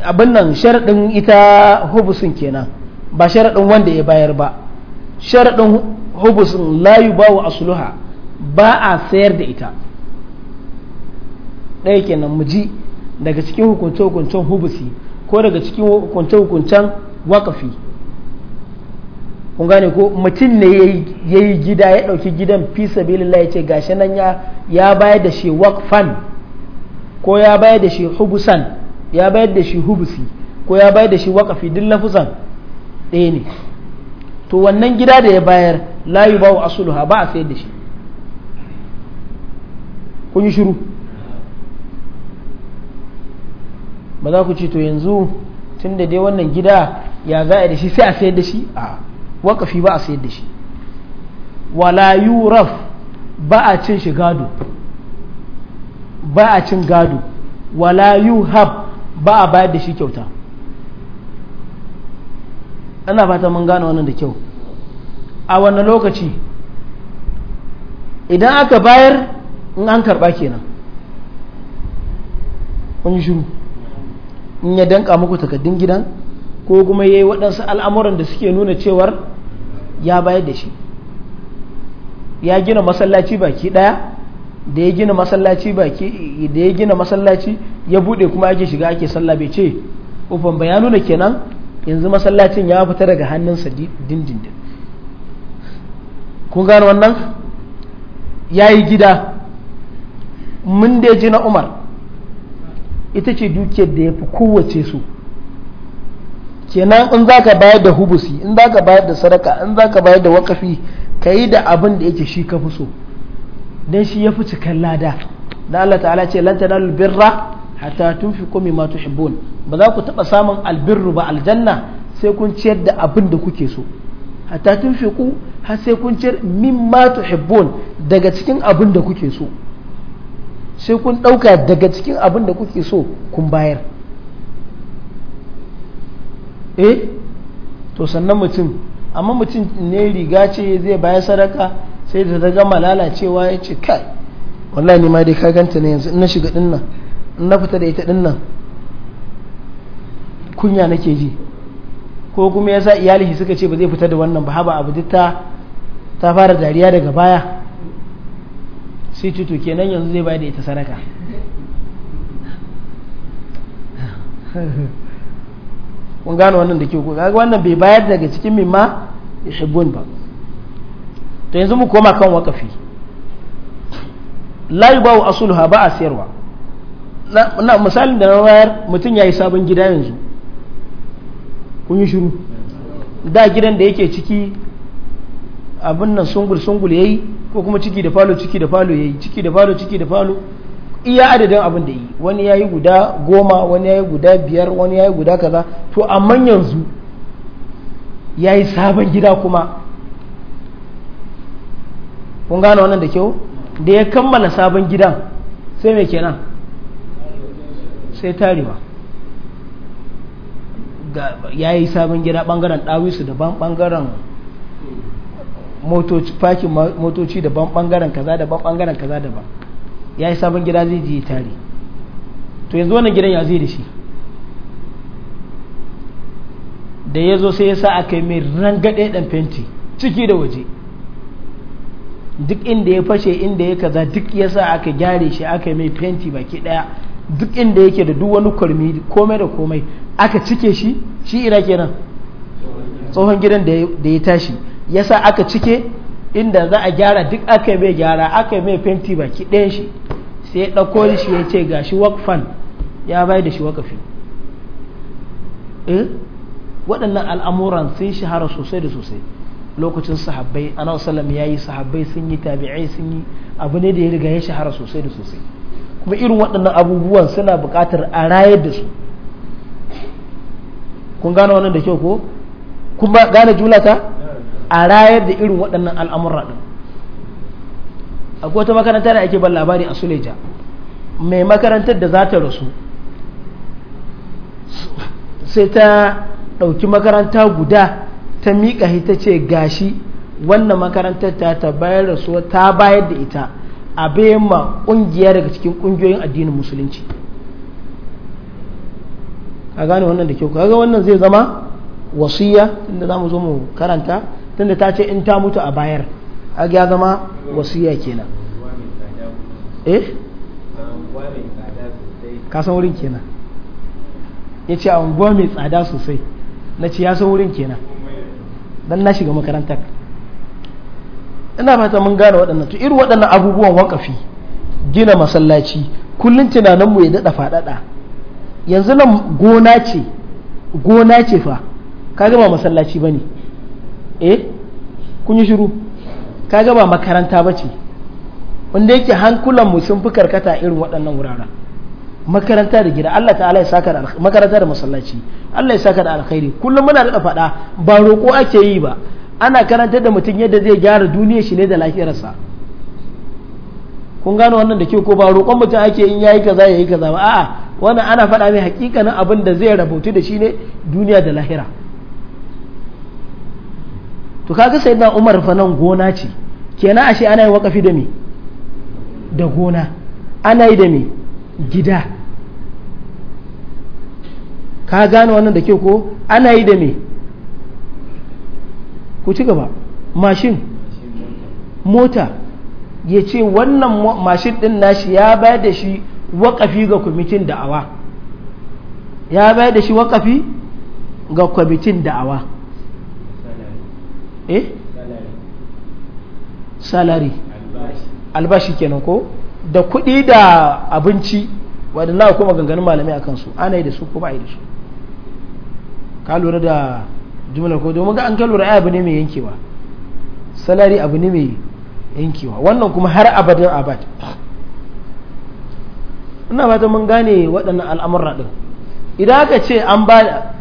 abin nan sharaɗin ita hubusin kenan ba sharaɗin wanda ya bayar ba sharaɗin hubusin la yubawu asluha ba a sayar da ita ɗaya kenan mu ji daga cikin hukunce-hukuncen hubusi ko daga cikin hukunce-hukuncen wakafi kun gane ko mutum ne ya yi gida ya ɗauki gidan fi sabilillah ya ce gashi nan ya bayar da shi wakfan ko ya bayar da shi hubusan ya bayar da shi hubusi ko ya bayar da shi wakafi duk lafusan ɗaya ne to wannan gida da ya bayar layu ba wa asuluha ba a sayar da shi kun yi shiru ba za ku ce to yanzu tun da dai wannan gida ya za a da shi sai a sayar da shi a wakafi ba a sayar da shi wala yuraf ba a cin shi gado ba a cin gado wala yuhab ba a bayar da shi kyauta ana fata mun gane wannan da kyau a wannan lokaci idan aka bayar in an karba kenan wani shuru in ya danka muku takaddun gidan ko kuma ya yi waɗansu al'amuran da suke nuna cewar ya bayar da shi ya gina masallaci baki ɗaya da ya gina masallaci baki da ya gina masallaci ya buɗe kuma ake shiga ake sallah bai ce ufan ba ya nuna kenan yanzu masallacin ya fita daga hannunsa dindindin kun gano wannan ya yi gida mun da ji na umar ita ce dukiyar da ya fi kowace su kenan in za ka bayar da hubusi in za ka bayar da sadaka in za ka bayar da wakafi ka yi da abin da yake shi ka fi so don shi ya fi cikin lada da Allah ta'ala ce lan tanalu birra hatta tunfiqu mimma tuhibbun ba za ku taba samun albirru ba aljanna sai kun ciyar da abin da kuke so hatta ku har sai kun ciyar mimma tuhibbun daga cikin abin da kuke so sai kun ɗauka daga cikin abin da kuke so kun bayar eh to sannan mutum amma mutum ne riga ce zai bayar sadaka sai da ta gama lalacewa ya ce kai wallahi ne ma dai ka ganta ne yanzu in na shiga dinnan in na fita da ita dinnan kunya nake ji ko kuma ya sa iyalihi suka ce ba zai fita da wannan ba haba abu duk ta fara dariya daga baya sai tuto kenan yanzu zai bayar da ita sadaka kun gano wannan da ke ku kaga wannan bai bayar daga cikin mimma yuhibbun ba to yanzu mu koma kan wakafi la yubawu asluha ba a sayarwa na misalin da na wayar mutum ya yi sabon gida yanzu kun yi shiru da gidan da yake ciki abin nan sungul sungul yayi ko kuma ciki da falo ciki da falo yayi ciki da falo ciki da falo iya adadin abin da yi wani yayi guda goma wani yayi guda biyar wani yayi guda kaza to amma yanzu yayi sabon gida kuma kun gane wannan da kyau da ya kammala sabon gidan sai me kenan sai tarewa yayi sabon gida bangaren dawisu daban bangaren motoci fakin motoci daban bangaren kaza daban bangaren kaza daban ya yi sabon gida zai je tare to yanzu wannan gidan ya zai da shi da ya zo sai ya sa aka yi mai rangade dan fenti ciki da waje duk inda ya fashe inda ya kaza duk ya sa aka gyare shi aka yi mai fenti baki ɗaya duk inda yake da duk wani kwarmi komai da komai aka cike shi shi ira kenan tsohon gidan da ya tashi yasa aka cike inda za a gyara duk aka mai gyara aka mai fenti baki ɗayan shi sai ya shi ya ce ga shi wakfan ya bai da shi wakafi eh? waɗannan al'amuran sun shahara sosai da sosai lokacin sahabbai ana yayi ya yi sahabbai sun yi tabi'ai sun yi abu ne da ya riga ya shahara sosai da sosai kuma irin waɗannan abubuwan suna buƙatar a rayar da su kun gane wannan da kyau ko kun gane julata a rayar da irin waɗannan al'amurra ɗin akwai wata makaranta da ake ban labari a suleja mai makarantar da za ta rasu sai ta ɗauki makaranta guda ta miƙa ita ce gashi wannan makarantar ta ta bayar da su ta bayar da ita a ma ƙungiya daga cikin ƙungiyoyin addinin musulunci ka gane wannan da kyau kaga wannan zai zama wasiya inda za mu zo mu karanta tunda ta ce in ta mutu a bayar a ya zama wasiya kenan eh ka san wurin kenan ya ce a unguwa mai tsada sosai na ce ya san wurin kenan don na shiga makarantar ina fata mun gane waɗannan to irin waɗannan abubuwan wakafi gina masallaci kullum tunaninmu ya daɗa faɗaɗa yanzu nan gona ce gona ce fa ka gama masallaci ba ne eh kun yi shiru kaga ba makaranta ba ce wanda yake hankulan mu sun fi karkata irin waɗannan wuraren makaranta da gida Allah ta'ala ya saka makaranta da masallaci Allah ya saka da alkhairi kullum muna da faɗa ba roƙo ake yi ba ana karantar da mutum yadda zai gyara duniyar shi ne da lafiyarsa kun gano wannan da ke ko ba roƙon mutum ake in yi kaza yayi kaza ba a'a wannan ana faɗa mai hakikanin abin da zai rabautu da shi ne duniya da lahira to kaga sayyidina umar fa nan gona ce kenan ashe ana yi wakafi da me da gona ana yi da me gida ka gane wannan da ke ko ana yi da me ku ci gaba mashin mota ya ce wannan mashin din nashi ya bayar da shi wakafi ga kwamitin da'awa ya bayar da shi wakafi ga kwamitin da'awa eh salari albashi kenan ko da kuɗi da abinci na kuma ganganin malami a kansu ana yi da su ko ba yi da su ka lura da jumlar ko domin ga an ka lura abu ne mai yankewa salari abu ne mai yankewa wannan kuma har abadin abad ina fata mun gane waɗannan al'amurra ɗin idan aka ce an ba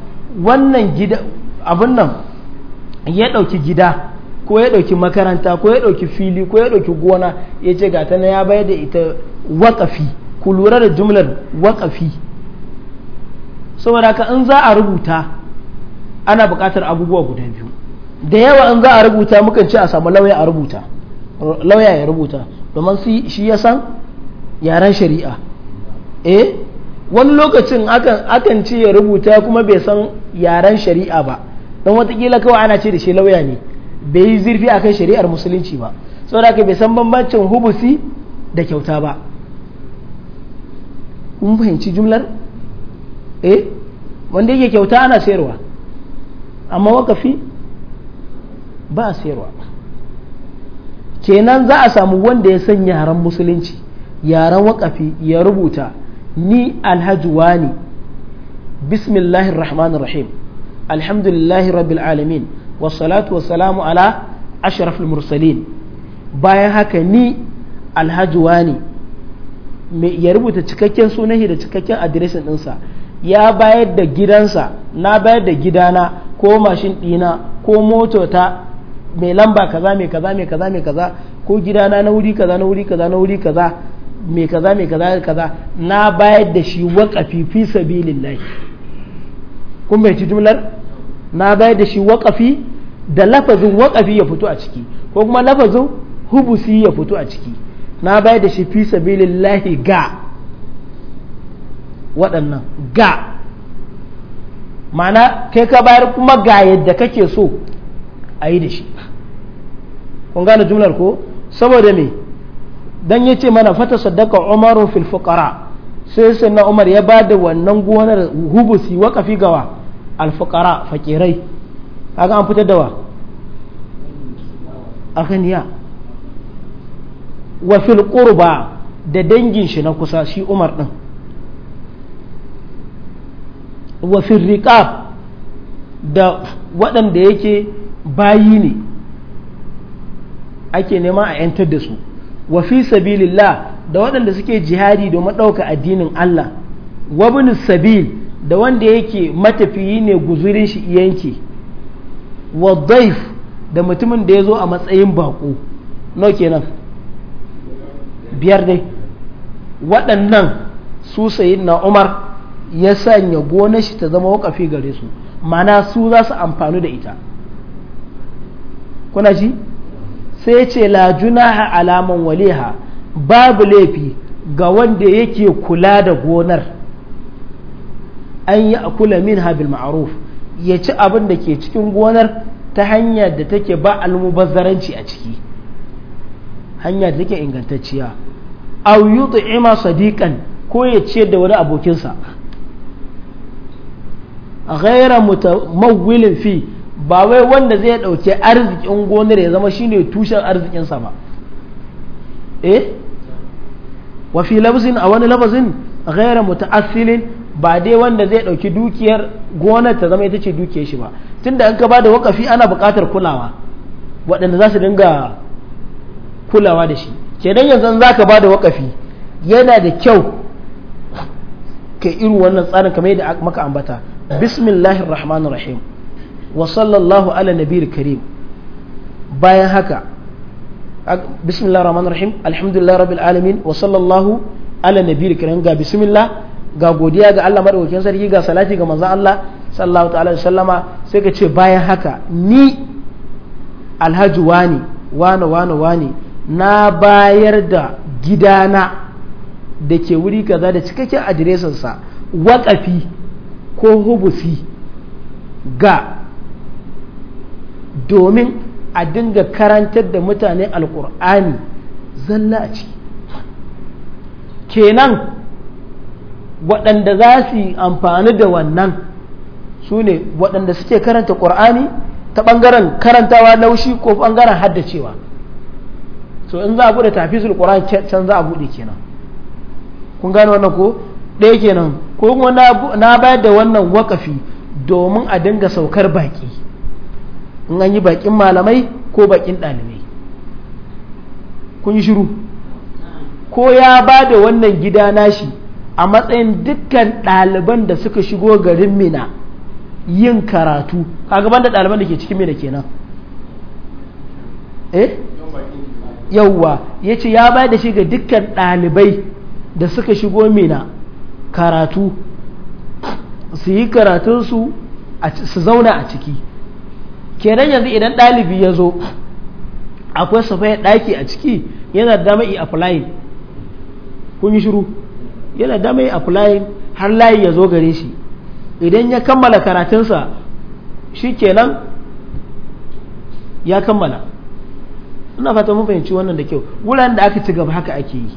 wannan gida abin nan ya ɗauki gida ko ya ɗauki makaranta ko ya ɗauki fili ko ya ɗauki gona ya ce gata na ya bayar da ita waƙafi ku lura da jumlar waƙafi saboda ka in za a rubuta ana buƙatar abubuwa guda biyu da yawa in za a rubuta mukan ce a samu lauya a rubuta lauya ya rubuta domin shi ya san yaren shari'a eh wani lokacin akan ce ya rubuta kuma bai san yaren shari'a ba don watakila kawai ana ce da shi lauya ne bai yi zurfi a kan shari'ar musulunci ba saboda aka bai san bambancin hubusi da kyauta ba kun fahimci jumlar eh wanda yake kyauta ana sayarwa amma wakafi ba a sayarwa kenan za a samu wanda ya san yaren musulunci yaren wakafi ya rubuta ni alhaji wani bismillahir rahmanir rahim alhamdulillahi rabbil alamin wassalatu wassalamu ala ashrafil mursalin bayan haka ni alhaji wani ya rubuta cikakken sunahi da cikakken adireshin ɗinsa ya bayar da gidansa na bayar da na ko mashin ɗina ko motota mai lamba kaza mai kaza mai kaza mai kaza ko gidana na wuri kaza na kaza na kaza mai kaza mai kaza na bayar da shi waƙafi fi sabilillahi kun bai ci jumlar na bayar da shi waƙafi da lafazin waƙafi ya fito a ciki ko kuma lafazin hubusi ya fito a ciki na bayar da shi fi sabilillahi ga waɗannan ga ma'ana kai ka bayar kuma ga yadda kake so a yi da shi kun gane jumlar ko saboda me dan ya ce mana fata sadaka umaru filfukara sai sai na umar ya ba da wannan gonar hubusi wakafi gawa alfukara fakirai kaga an fitar da wa aghniya wa fil qurba da dangin shi na kusa shi Umar din wa fil riqab da waɗanda yake bayi ne ake nema a yantar da su wa fi sabilillah da waɗanda suke jihadi domin ɗauka addinin Allah wa sabil da wanda yake matafiyi ne guzurin shi yanki wa daif da mutumin da ya zo a matsayin baƙo no kenan biyar dai waɗannan su sayi na umar ya sanya gonar shi ta zama wakafi gare su mana su za su amfani da ita kuna ji sai ce la ha alaman waliha babu laifi ga wanda yake kula da gonar an yi akula min habil ma'aruf ya ci abin da ke cikin gonar ta hanyar da take ba almubazzaranci a ciki hanya da take ingantacciya au yut'ima sadiqan ko ya ciyar da wani abokinsa ghaira mutamawwilin fi ba wai wanda zai ɗauki arzikin gonar ya zama shine tushen arzikinsa ba eh wa fi labzin a wani labzin ghaira muta'assilin ba dai wanda zai ɗauki dukiyar gonar ta zama ita ce dukiyar shi ba tunda an ka ba da wakafi ana buƙatar kulawa waɗanda za su dinga kulawa da shi kenan yanzu za ka ba da wakafi yana da kyau ka irin wannan tsarin kamar yadda maka ambata bismillahir rahmanir rahim wa sallallahu ala nabiyil karim bayan haka bismillahir rahmanir rahim alhamdulillahi rabbil alamin wa sallallahu ala nabiyil karim ga bismillah ga godiya ga Allah madaukakin sarki ga salati ga manzon Allah sallallahu ta'ala wa sallama sai ka ce bayan haka ni alhaji wani wani wani wani na bayar da gidana da ke wuri kaza da cikakken sa waƙafi ko hubusi ga domin a dinga karantar da mutane alƙur'ani zalla a ciki kenan waɗanda za su yi amfani da wannan su ne waɗanda suke karanta ƙur'ani ta ɓangaren karantawa laushi ko ɓangaren haddacewa so in za a buɗe tafisul ƙur'ani can za a buɗe kenan kun gane wannan ko ɗaya kenan ko kuma na bayar da wannan wakafi domin a dinga saukar baƙi in an yi baƙin malamai ko baƙin ɗalibai kun yi shiru ko ya ba da wannan gida nashi a matsayin dukkan ɗaliban da suka shigo garin mina yin karatu kaga banda ɗaliban da ke cikin mina kenan eh yauwa ya ce ya bayar da shi ga dukkan ɗalibai da suka shigo mina karatu su yi karatunsu su zauna a ciki kenan yanzu idan ɗalibi ya zo akwai safai ɗaki a ciki yana da dama i applying kun yi shiru yana da mai applying har layi ya zo gare shi idan ya kammala karatunsa shi kenan ya kammala ina fata mun fahimci wannan da kyau wuraren da aka ci gaba haka ake yi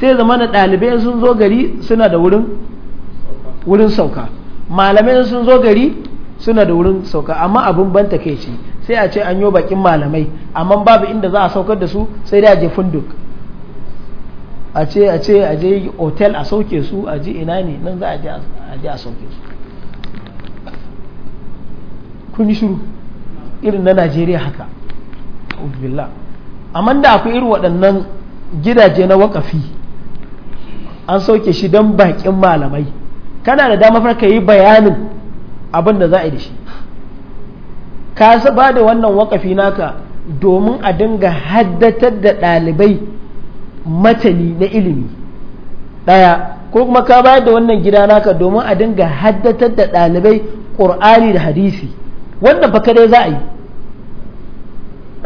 sai zama na ɗalibai sun zo gari suna da wurin sauka malamai sun zo gari suna da wurin sauka amma abin ban ce sai a ce an yi bakin malamai amma babu inda za a saukar da su sai da a je funduk a ce a ce a je hotel a sauke su a ji ina ne nan za a je a sauke su kun yi shiru irin na najeriya haka billah amma da akwai irin waɗannan gidaje na wakafi an sauke shi don baƙin malamai kana da dama farka yi bayanin abin da za a yi da shi ka ba da wannan wakafi naka domin a dinga haddatar da ɗalibai matani na ilimi ɗaya ko kuma ka bayar da wannan gida naka domin a dinga haddatar da ɗalibai ƙur'ani da hadisi wannan fa kadai za a yi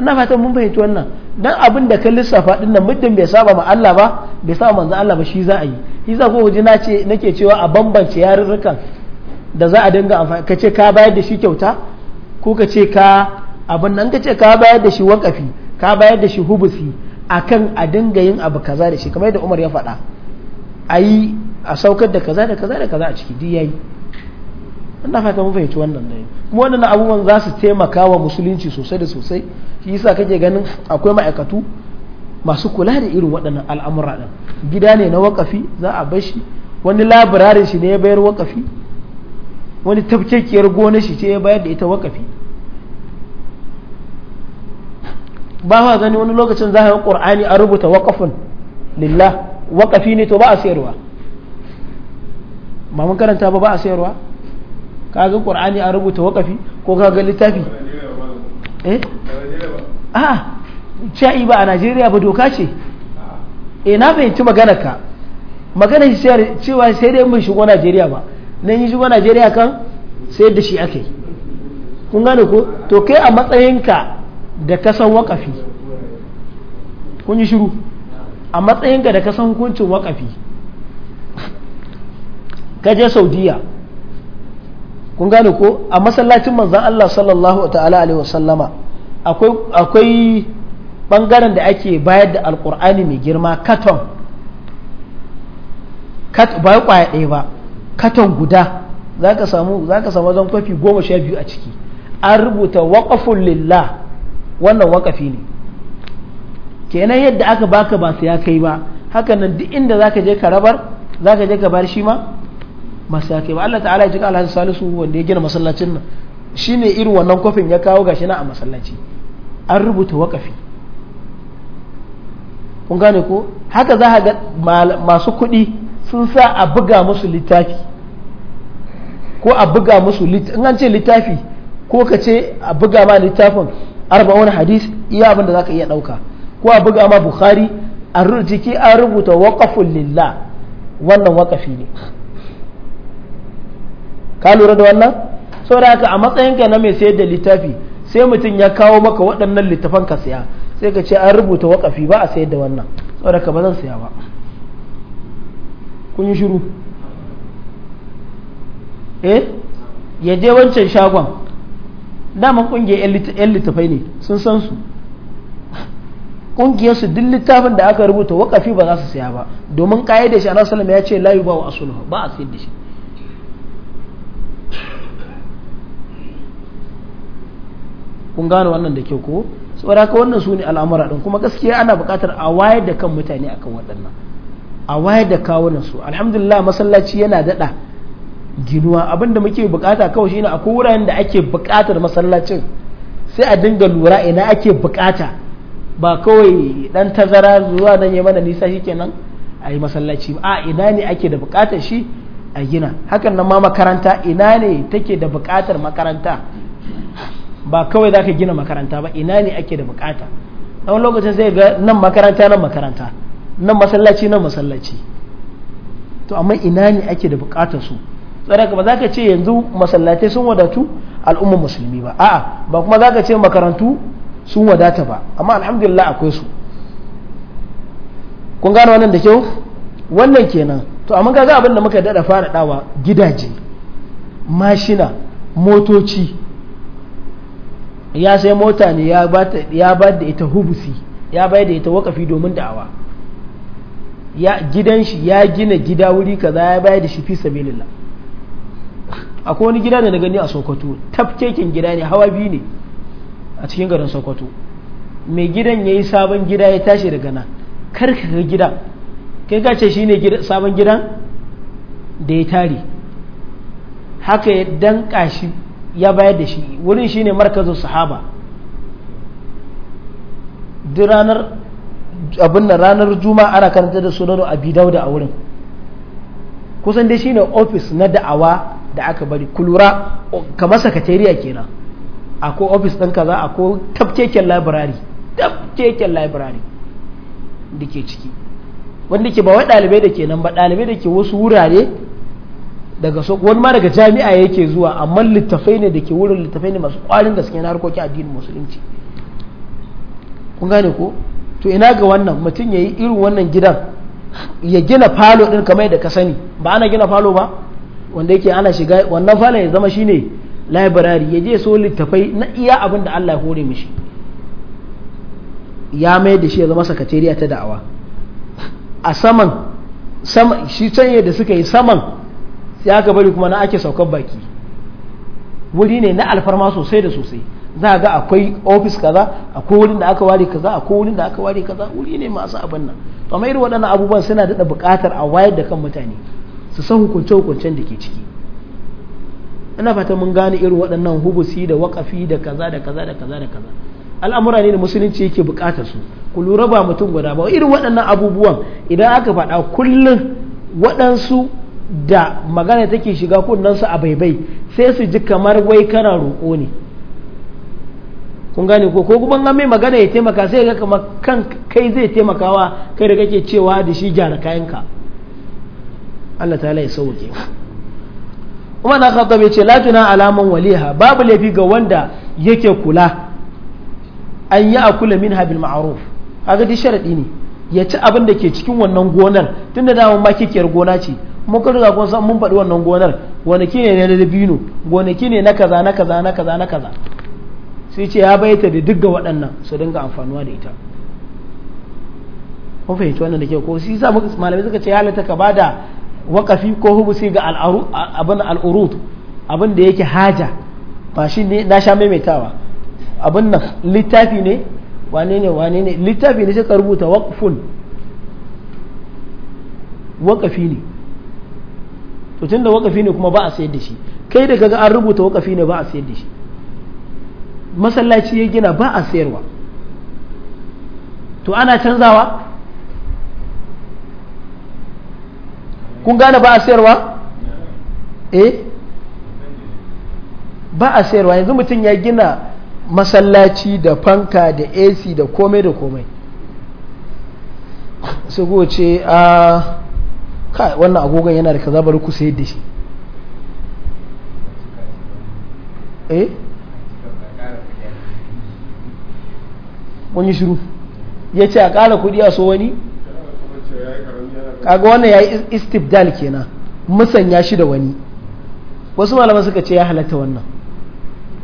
ina fatan mun fahimci wannan dan abin da ka lissafa din nan muddin bai saba ma Allah ba bai saba manzo Allah ba shi za a yi shi za ko na ce nake cewa a bambance yarurrukan da za a dinga amfani ka ce ka bayar da shi kyauta ko ka ce ka abin nan ka ce ka bayar da shi wakafi ka bayar da shi hubusi akan a dinga yin abu kaza da shi kamar yadda Umar ya faɗa a yi a saukar da kaza da kaza da kaza a ciki duk yayi ina fata mun fahimci wannan dai kuma wannan abubuwan za su taimaka wa musulunci sosai da sosai shi yasa kake ganin akwai ma'aikatu masu kula da irin waɗannan al'amura ɗin gida ne na wakafi za a bar shi wani labirarin shi ne ya bayar wakafi wani tafkekiyar gonar shi ce ya bayar da ita wakafi ba ma gani wani lokacin za a yi qur'ani a rubuta waƙafin lillah waƙafi ne to ba a sayarwa ba mun karanta ba ba a sayarwa ka ga qur'ani a rubuta waƙafi ko ka ga littafi eh a ca'i ba a Najeriya ba doka ce eh na fahimci magana ka maganar cewa sai dai mun shigo Najeriya ba nan yi shigo Najeriya kan sai da shi ake kun gane ko to kai a matsayinka da kasan wakafi kun yi shiru a matsayinka da kasan hukuncin wakafi ka je saudiya kun gane ko a masallacin manzan Allah sallallahu ta'ala alaihi wasallama akwai bangaren da ake bayar da alkur'ani mai girma katon ba kwaya ɗaya ba katon guda za ka samu zan kwafi goma sha biyu a ciki an rubuta waƙafun lillah wannan wakafi ne kenan yadda aka baka ba su ya kai ba hakan nan duk inda zaka je ka rabar zaka je ka bar shi ma masu ya kai ba Allah ta'ala ya ji Allah salisu wanda ya gina masallacin nan shine irin wannan kofin ya kawo gashi na a masallaci an rubuta wakafi kun gane ko haka za ga masu kuɗi sun sa a buga musu littafi ko a buga musu littafi in an ce littafi ko ka ce a buga ma littafin arba'una hadis iya abin da zaka iya ɗauka ko a buga ma bukhari a jiki an rubuta waqafun lillah wannan waqafi ne ka lura da wannan saboda haka a matsayinka na mai sayar da littafi sai mutum ya kawo maka waɗannan littafan ka saya sai ka ce an rubuta waqafi ba a sayar da wannan saboda ka ba zan saya ba kun yi shiru eh ya je wancan shagon dama kungiyar yan littafai ne sun san su kungiyar su duk littafin da aka rubuta wakafi ba za su saya ba domin kayyade shi annabi sallallahu ya ce ba wa asluhu ba a sayar da shi kun gano wannan da kyau ko saboda haka wannan su ne al'amura ɗin kuma gaskiya ana buƙatar a wayar da kan mutane akan waɗannan a wayar da kawunan su alhamdulillah masallaci yana daɗa ginuwa abin da muke bukata kawai shine a wuraren da ake bukatar masallacin sai a dinga lura ina ake bukata ba kawai dan tazara zuwa nan ya mana nisa shikenan a yi masallaci a ina ne ake da bukatar shi a gina hakan nan ma makaranta ina ne take da bukatar makaranta ba kawai za ka gina makaranta ba ina ne ake da bukata wani lokacin sai ga nan makaranta nan makaranta nan masallaci nan masallaci to amma ina ne ake da bukatar su tsaraka ba za ka ce yanzu masallatai sun wadatu al'ummar musulmi ba a'a ba kuma za ka ce makarantu sun wadata ba amma alhamdulillah akwai su kun gano wannan da kyau wannan kenan to amma ga abin da muka dada fara dawa gidaje mashina motoci ya sai mota ne ya ba da ita hubusi ya bai da ita wakafi domin da'awa ya gidan shi ya gina gida wuri kaza ya bayar da shi fi sabilillah akwai wani gida da na gani a sokoto tafkekin gida ne hawa biyu ne a cikin garin sokoto mai gidan ya yi sabon gida ya tashi daga nan kar ka ga gidan kai ka ce shine sabon gidan da ya tare haka ya danka shi ya bayar da shi wurin shine markazin sahaba duk ranar abin da ranar juma'a ana karanta da sunanu abi dauda a wurin kusan dai shine ofis na da'awa da aka bari ku lura kamar sakatariya kenan akwai ofis ɗin kaza akwai tafkeken labirari tafkeken labirari da ke ciki wanda ke ba wai ɗalibai da ke nan ba ɗalibai da ke wasu wurare daga so wani ma daga jami'a yake zuwa amma littafai ne da ke wurin littafai ne masu ƙwarin gaske na harkokin addinin musulunci kun gane ko to ina ga wannan mutum ya yi irin wannan gidan ya gina falo ɗin kamar da ka sani ba ana gina falo ba wanda yake ana shiga wannan falon ya zama shine library ya je so littafai na iya abin da Allah ya hore mishi ya mai da shi ya zama sakatariya ta da'awa a saman shi can da suka yi saman ya ka bari kuma na ake saukar baki wuri ne na alfarma sosai da sosai za ga akwai ofis kaza akwai wurin da aka ware kaza akwai wurin da aka ware kaza wuri ne masu abin nan to mai irin waɗannan abubuwan suna da buƙatar a wayar da kan mutane su san hukunce hukuncen da ke ciki ina fata mun gane irin waɗannan hubusi da waƙafi da kaza da kaza da kaza da kaza al'amura ne da musulunci yake buƙatar su ku lura ba mutum guda ba irin waɗannan abubuwan idan aka faɗa kullum waɗansu da magana take shiga su a baibai sai su ji kamar wai kana roƙo ne kun gane ko ko kuma mai magana ya taimaka sai ga kamar kan kai zai taimakawa kai da kake cewa da shi gyara kayanka Allah Ta ya sauke Umar na Khattab ya ce la alaman waliha babu laifi ga wanda yake kula an yi akula min bil ma'ruf kaga ta sharaɗi ne ya ci abin da ke cikin wannan gonar tun da ma kikiyar gona ce mun kan riga kun san mun faɗi wannan gonar gonaki ne na dabino gonaki ne na kaza na kaza na kaza na kaza sai ce ya bayyana da duk ga waɗannan su dinga amfanuwa da ita kun fahimci wannan da ke ko shi sa malamai suka ce ya halatta ka bada waƙafi ko hubusi ga abin al'urut abin da yake haja ba shi ne na sha maimaitawa abin nan littafi ne wane ne wane ne littafi ne suka rubuta waƙafun waƙafi ne to tun da waƙafi ne kuma ba a sayar da shi kai da kaga an rubuta waƙafi ne ba a sayar da shi masallaci ya gina ba a sayarwa to ana canzawa kun gane ba a sayarwa eh ba a sayarwa yanzu mutum ya gina masallaci da fanka da ac da komai da komai sai goce a ah, kai wannan agogon yana da kaza bari ku sayar da shi eh wani shiru ya ce a kala kuɗi a so wani kaga wannan yi istibdal kenan musanya shi da wani wasu malaman suka ce ya halatta wannan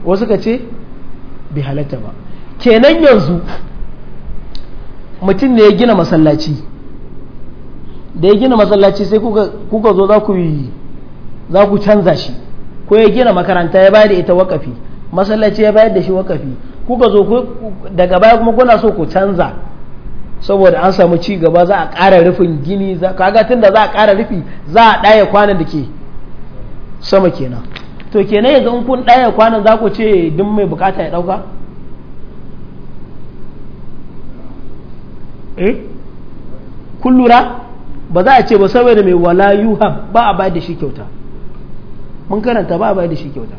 wasu suka ce bai halatta ba kenan yanzu mutum ne ya gina masallaci da ya gina masallaci sai kuka zo za ku za ku canza shi ko ya gina makaranta ya bayar da ita wakafi masallaci ya bayar da shi wakafi kuka zo daga baya kuma kuna so ku canza saboda an samu ci gaba za a ƙara rufin gini kaga tunda za a ƙara rufi za a ɗaya kwanan da ke sama kenan to kenan yanzu in kun ɗaya kwanan za ku ce duk mai bukata ya ɗauka eh kun lura ba za a ce ba saboda mai wala yuha ba a bayar da shi kyauta mun karanta ba a bayar da shi kyauta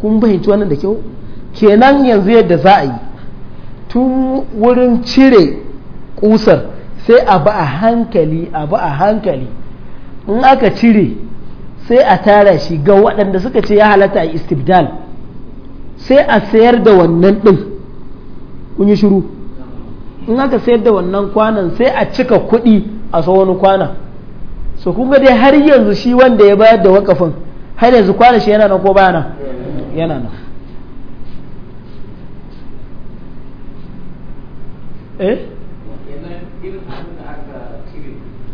kun bayyanci wannan da kyau kenan yanzu yadda za a yi tun wurin cire kusar sai a ba a hankali a ba a hankali in aka cire sai a tara shi ga waɗanda suka ce ya halatta a istibdal sai a sayar da wannan ɗin kun yi shiru in aka sayar da wannan kwanan sai a cika kuɗi a sau wani kwana so kun ga dai har yanzu shi wanda ya bayar da wakafin har yanzu kwana shi yana nan ko bayana yana nan Eh?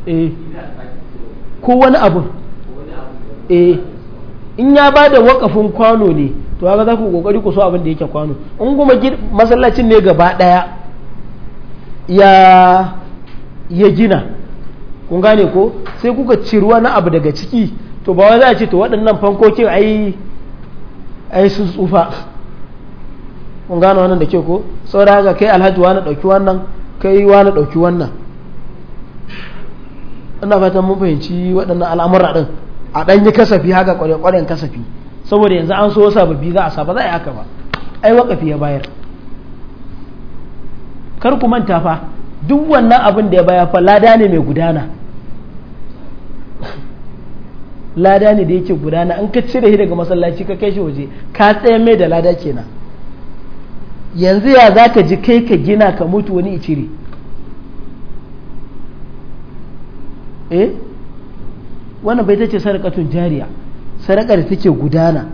eh ko wani abu eh. in ya ba da wakafin kwano ne to haka za ku kokari ku so abin da yake kwano in kuma masallacin ne gaba daya ya gina kun gane ko sai kuka ciri wani abu daga ciki to ba wai za a ce to waɗannan fankokin ai ai sun tsufa kun gano wannan da ke ko saboda haka kai alhaji wani ɗauki wannan kai wani ɗauki wannan ina fatan mun fahimci waɗannan al'amura ɗin a ɗan yi kasafi haka ƙwarƙwarin kasafi saboda yanzu an so sababbi za a sa ba za a yi haka ba ai waƙafi ya bayar kar ku manta fa duk wannan abin da ya baya fa lada ne mai gudana lada ne da yake gudana an ka cire shi daga masallaci ka kai shi waje ka tsaye mai da lada kenan yanzu ya za ka ji kai ka gina ka mutu wani iciri eh wannan bai ta ce sarakatun jariya sarakar da take gudana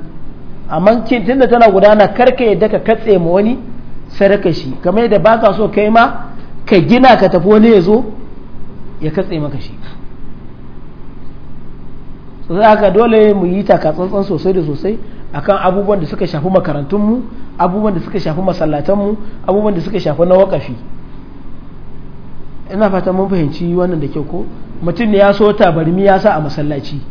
amma kin da tana gudana karka yadda ka katse ma wani saraka shi kamar yadda ba ka so kai ma ka gina ka tafi wani ya zo ya katse maka shi sai haka dole mu yi taka tsantsan sosai da sosai akan abubuwan da suka shafi makarantunmu abubuwan da suka shafi masallatanmu abubuwan da suka shafi na wakafi ina fata mun fahimci wannan da kyau ko mutum ne ya so tabarmi ya sa a masallaci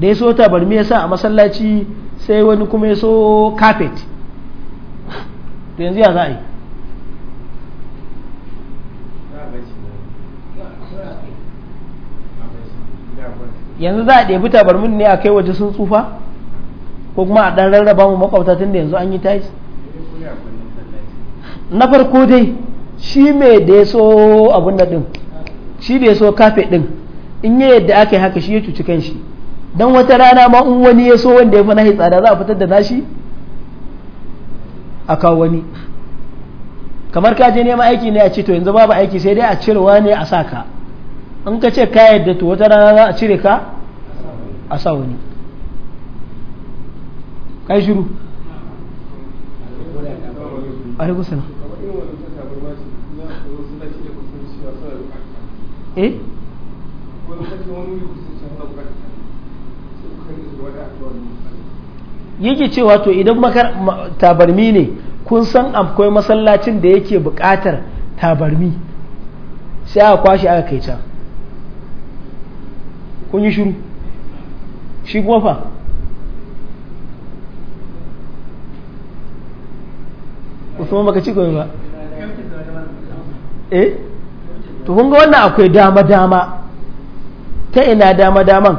da ya so tabarmi ya sa a masallaci sai wani kuma ya so carpet to yanzu ya za a yi yanzu za a ɗebi tabarmin ne a kai waje sun tsufa ko kuma a dan rarraba mu makwabta tun da yanzu an yi tais na farko dai shi mai da ya so abun da din shi da ya so kafe din in ya yadda aka yi haka shi ya cuci kanshi don wata rana ma in wani ya so wanda ya fi nahi tsada za a fitar da nashi a kawo wani kamar ka je neman aiki ne a ce to yanzu babu aiki sai dai a cirewa ne a sa ka in ka ce ka yadda to wata rana za a cire ka a sa wani kai shiru alaikusa eh? yake cewa to idan makar tabarmi ne kun san akwai masallacin da yake bukatar tabarmi sai aka kwashi aka kai can kun yi shiru shi kuma fa usman baka ci komai ba eh to kun ga wannan akwai dama dama ta ina dama daman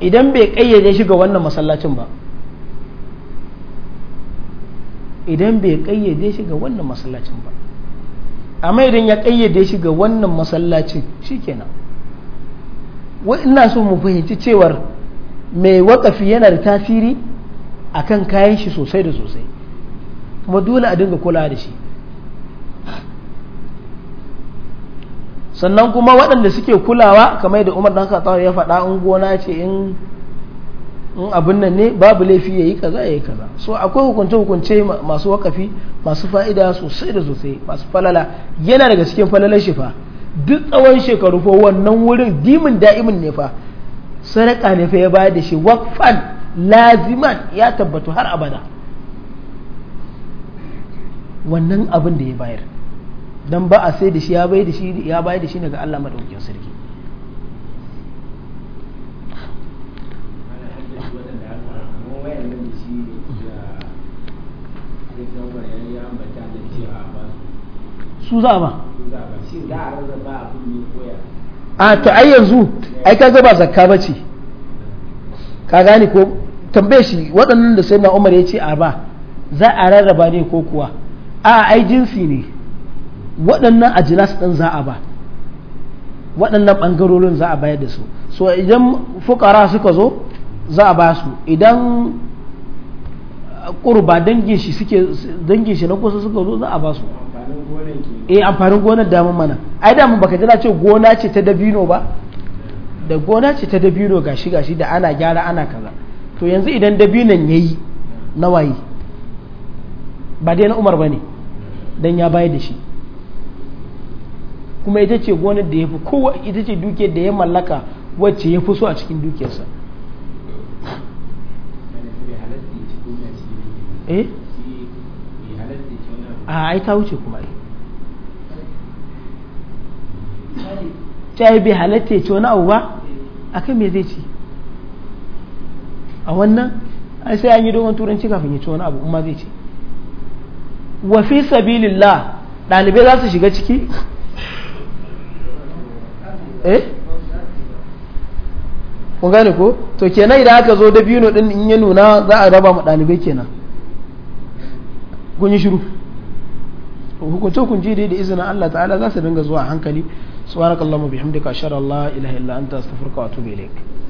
idan bai kayyade shi ga wannan masallacin ba idan bai kayyade shi ga wannan masallacin ba amma idan ya kayyade shi ga wannan masallacin shikenan ina so mu fahimci cewar mai wakafi yana da tasiri akan kayan shi sosai da sosai kuma dole a dinga kula da shi sannan kuma waɗanda suke kulawa kamar da umar dan khattab ya faɗa in gona ce in abin nan ne babu laifi ya yi kaza ya yi kaza so akwai hukunce hukunce masu wakafi masu fa'ida sosai da sosai masu falala yana daga cikin falalar shi fa duk tsawon shekaru ko wannan wurin dimin da'imin ne fa sadaka ne fa ya bayar da shi wakfan laziman ya tabbatu har abada wannan abin da ya bayar don ba a sai da shi ya bayar da shi ya bayar da shi daga Allah madaukakin sarki su za ba a to ai yanzu ai kaga ba zakka ba ce ka gane ko tambaye shi waɗannan da sai na umar ya ce a ba za a rarraba ne ko kuwa a ai jinsi ne waɗannan ajilas ɗin za a ba waɗannan ɓangarorin za a bayar da su so idan fukara suka zo za a ba su idan ƙurba dangin shi na kusa suka zo za a ba su eh, amfanin gonar damun mana ai damun baka jira ce gona ce ta dabino ba da gona ce ta dabino gashi gashi da ana gyara ana kaza to yanzu idan dabinon yayi na waye ba dai na Umar ba ne. dan ya bayar da shi kuma ita ce gonar da ya fi kowa ita ce dukiyar da ya mallaka wacce ya fi so a cikin dukiyarsa eh a ta wuce kuma ta yi bai halatta ya ci wani abu ba a kan me zai ci a wannan an sai an yi dogon turanci kafin ya ce wani abu kuma zai ci wa fi sabilillah ɗalibai za su shiga ciki eh kun gane ko to kenan idan aka zo dabino din in ya nuna za a raba mu ɗalibai kenan kun yi shiru hukunce hukunci dai da izinin Allah ta'ala za su dinga zuwa hankali subhanakallahumma bihamdika ashhadu an la ilaha illa anta astaghfiruka wa atubu ilaik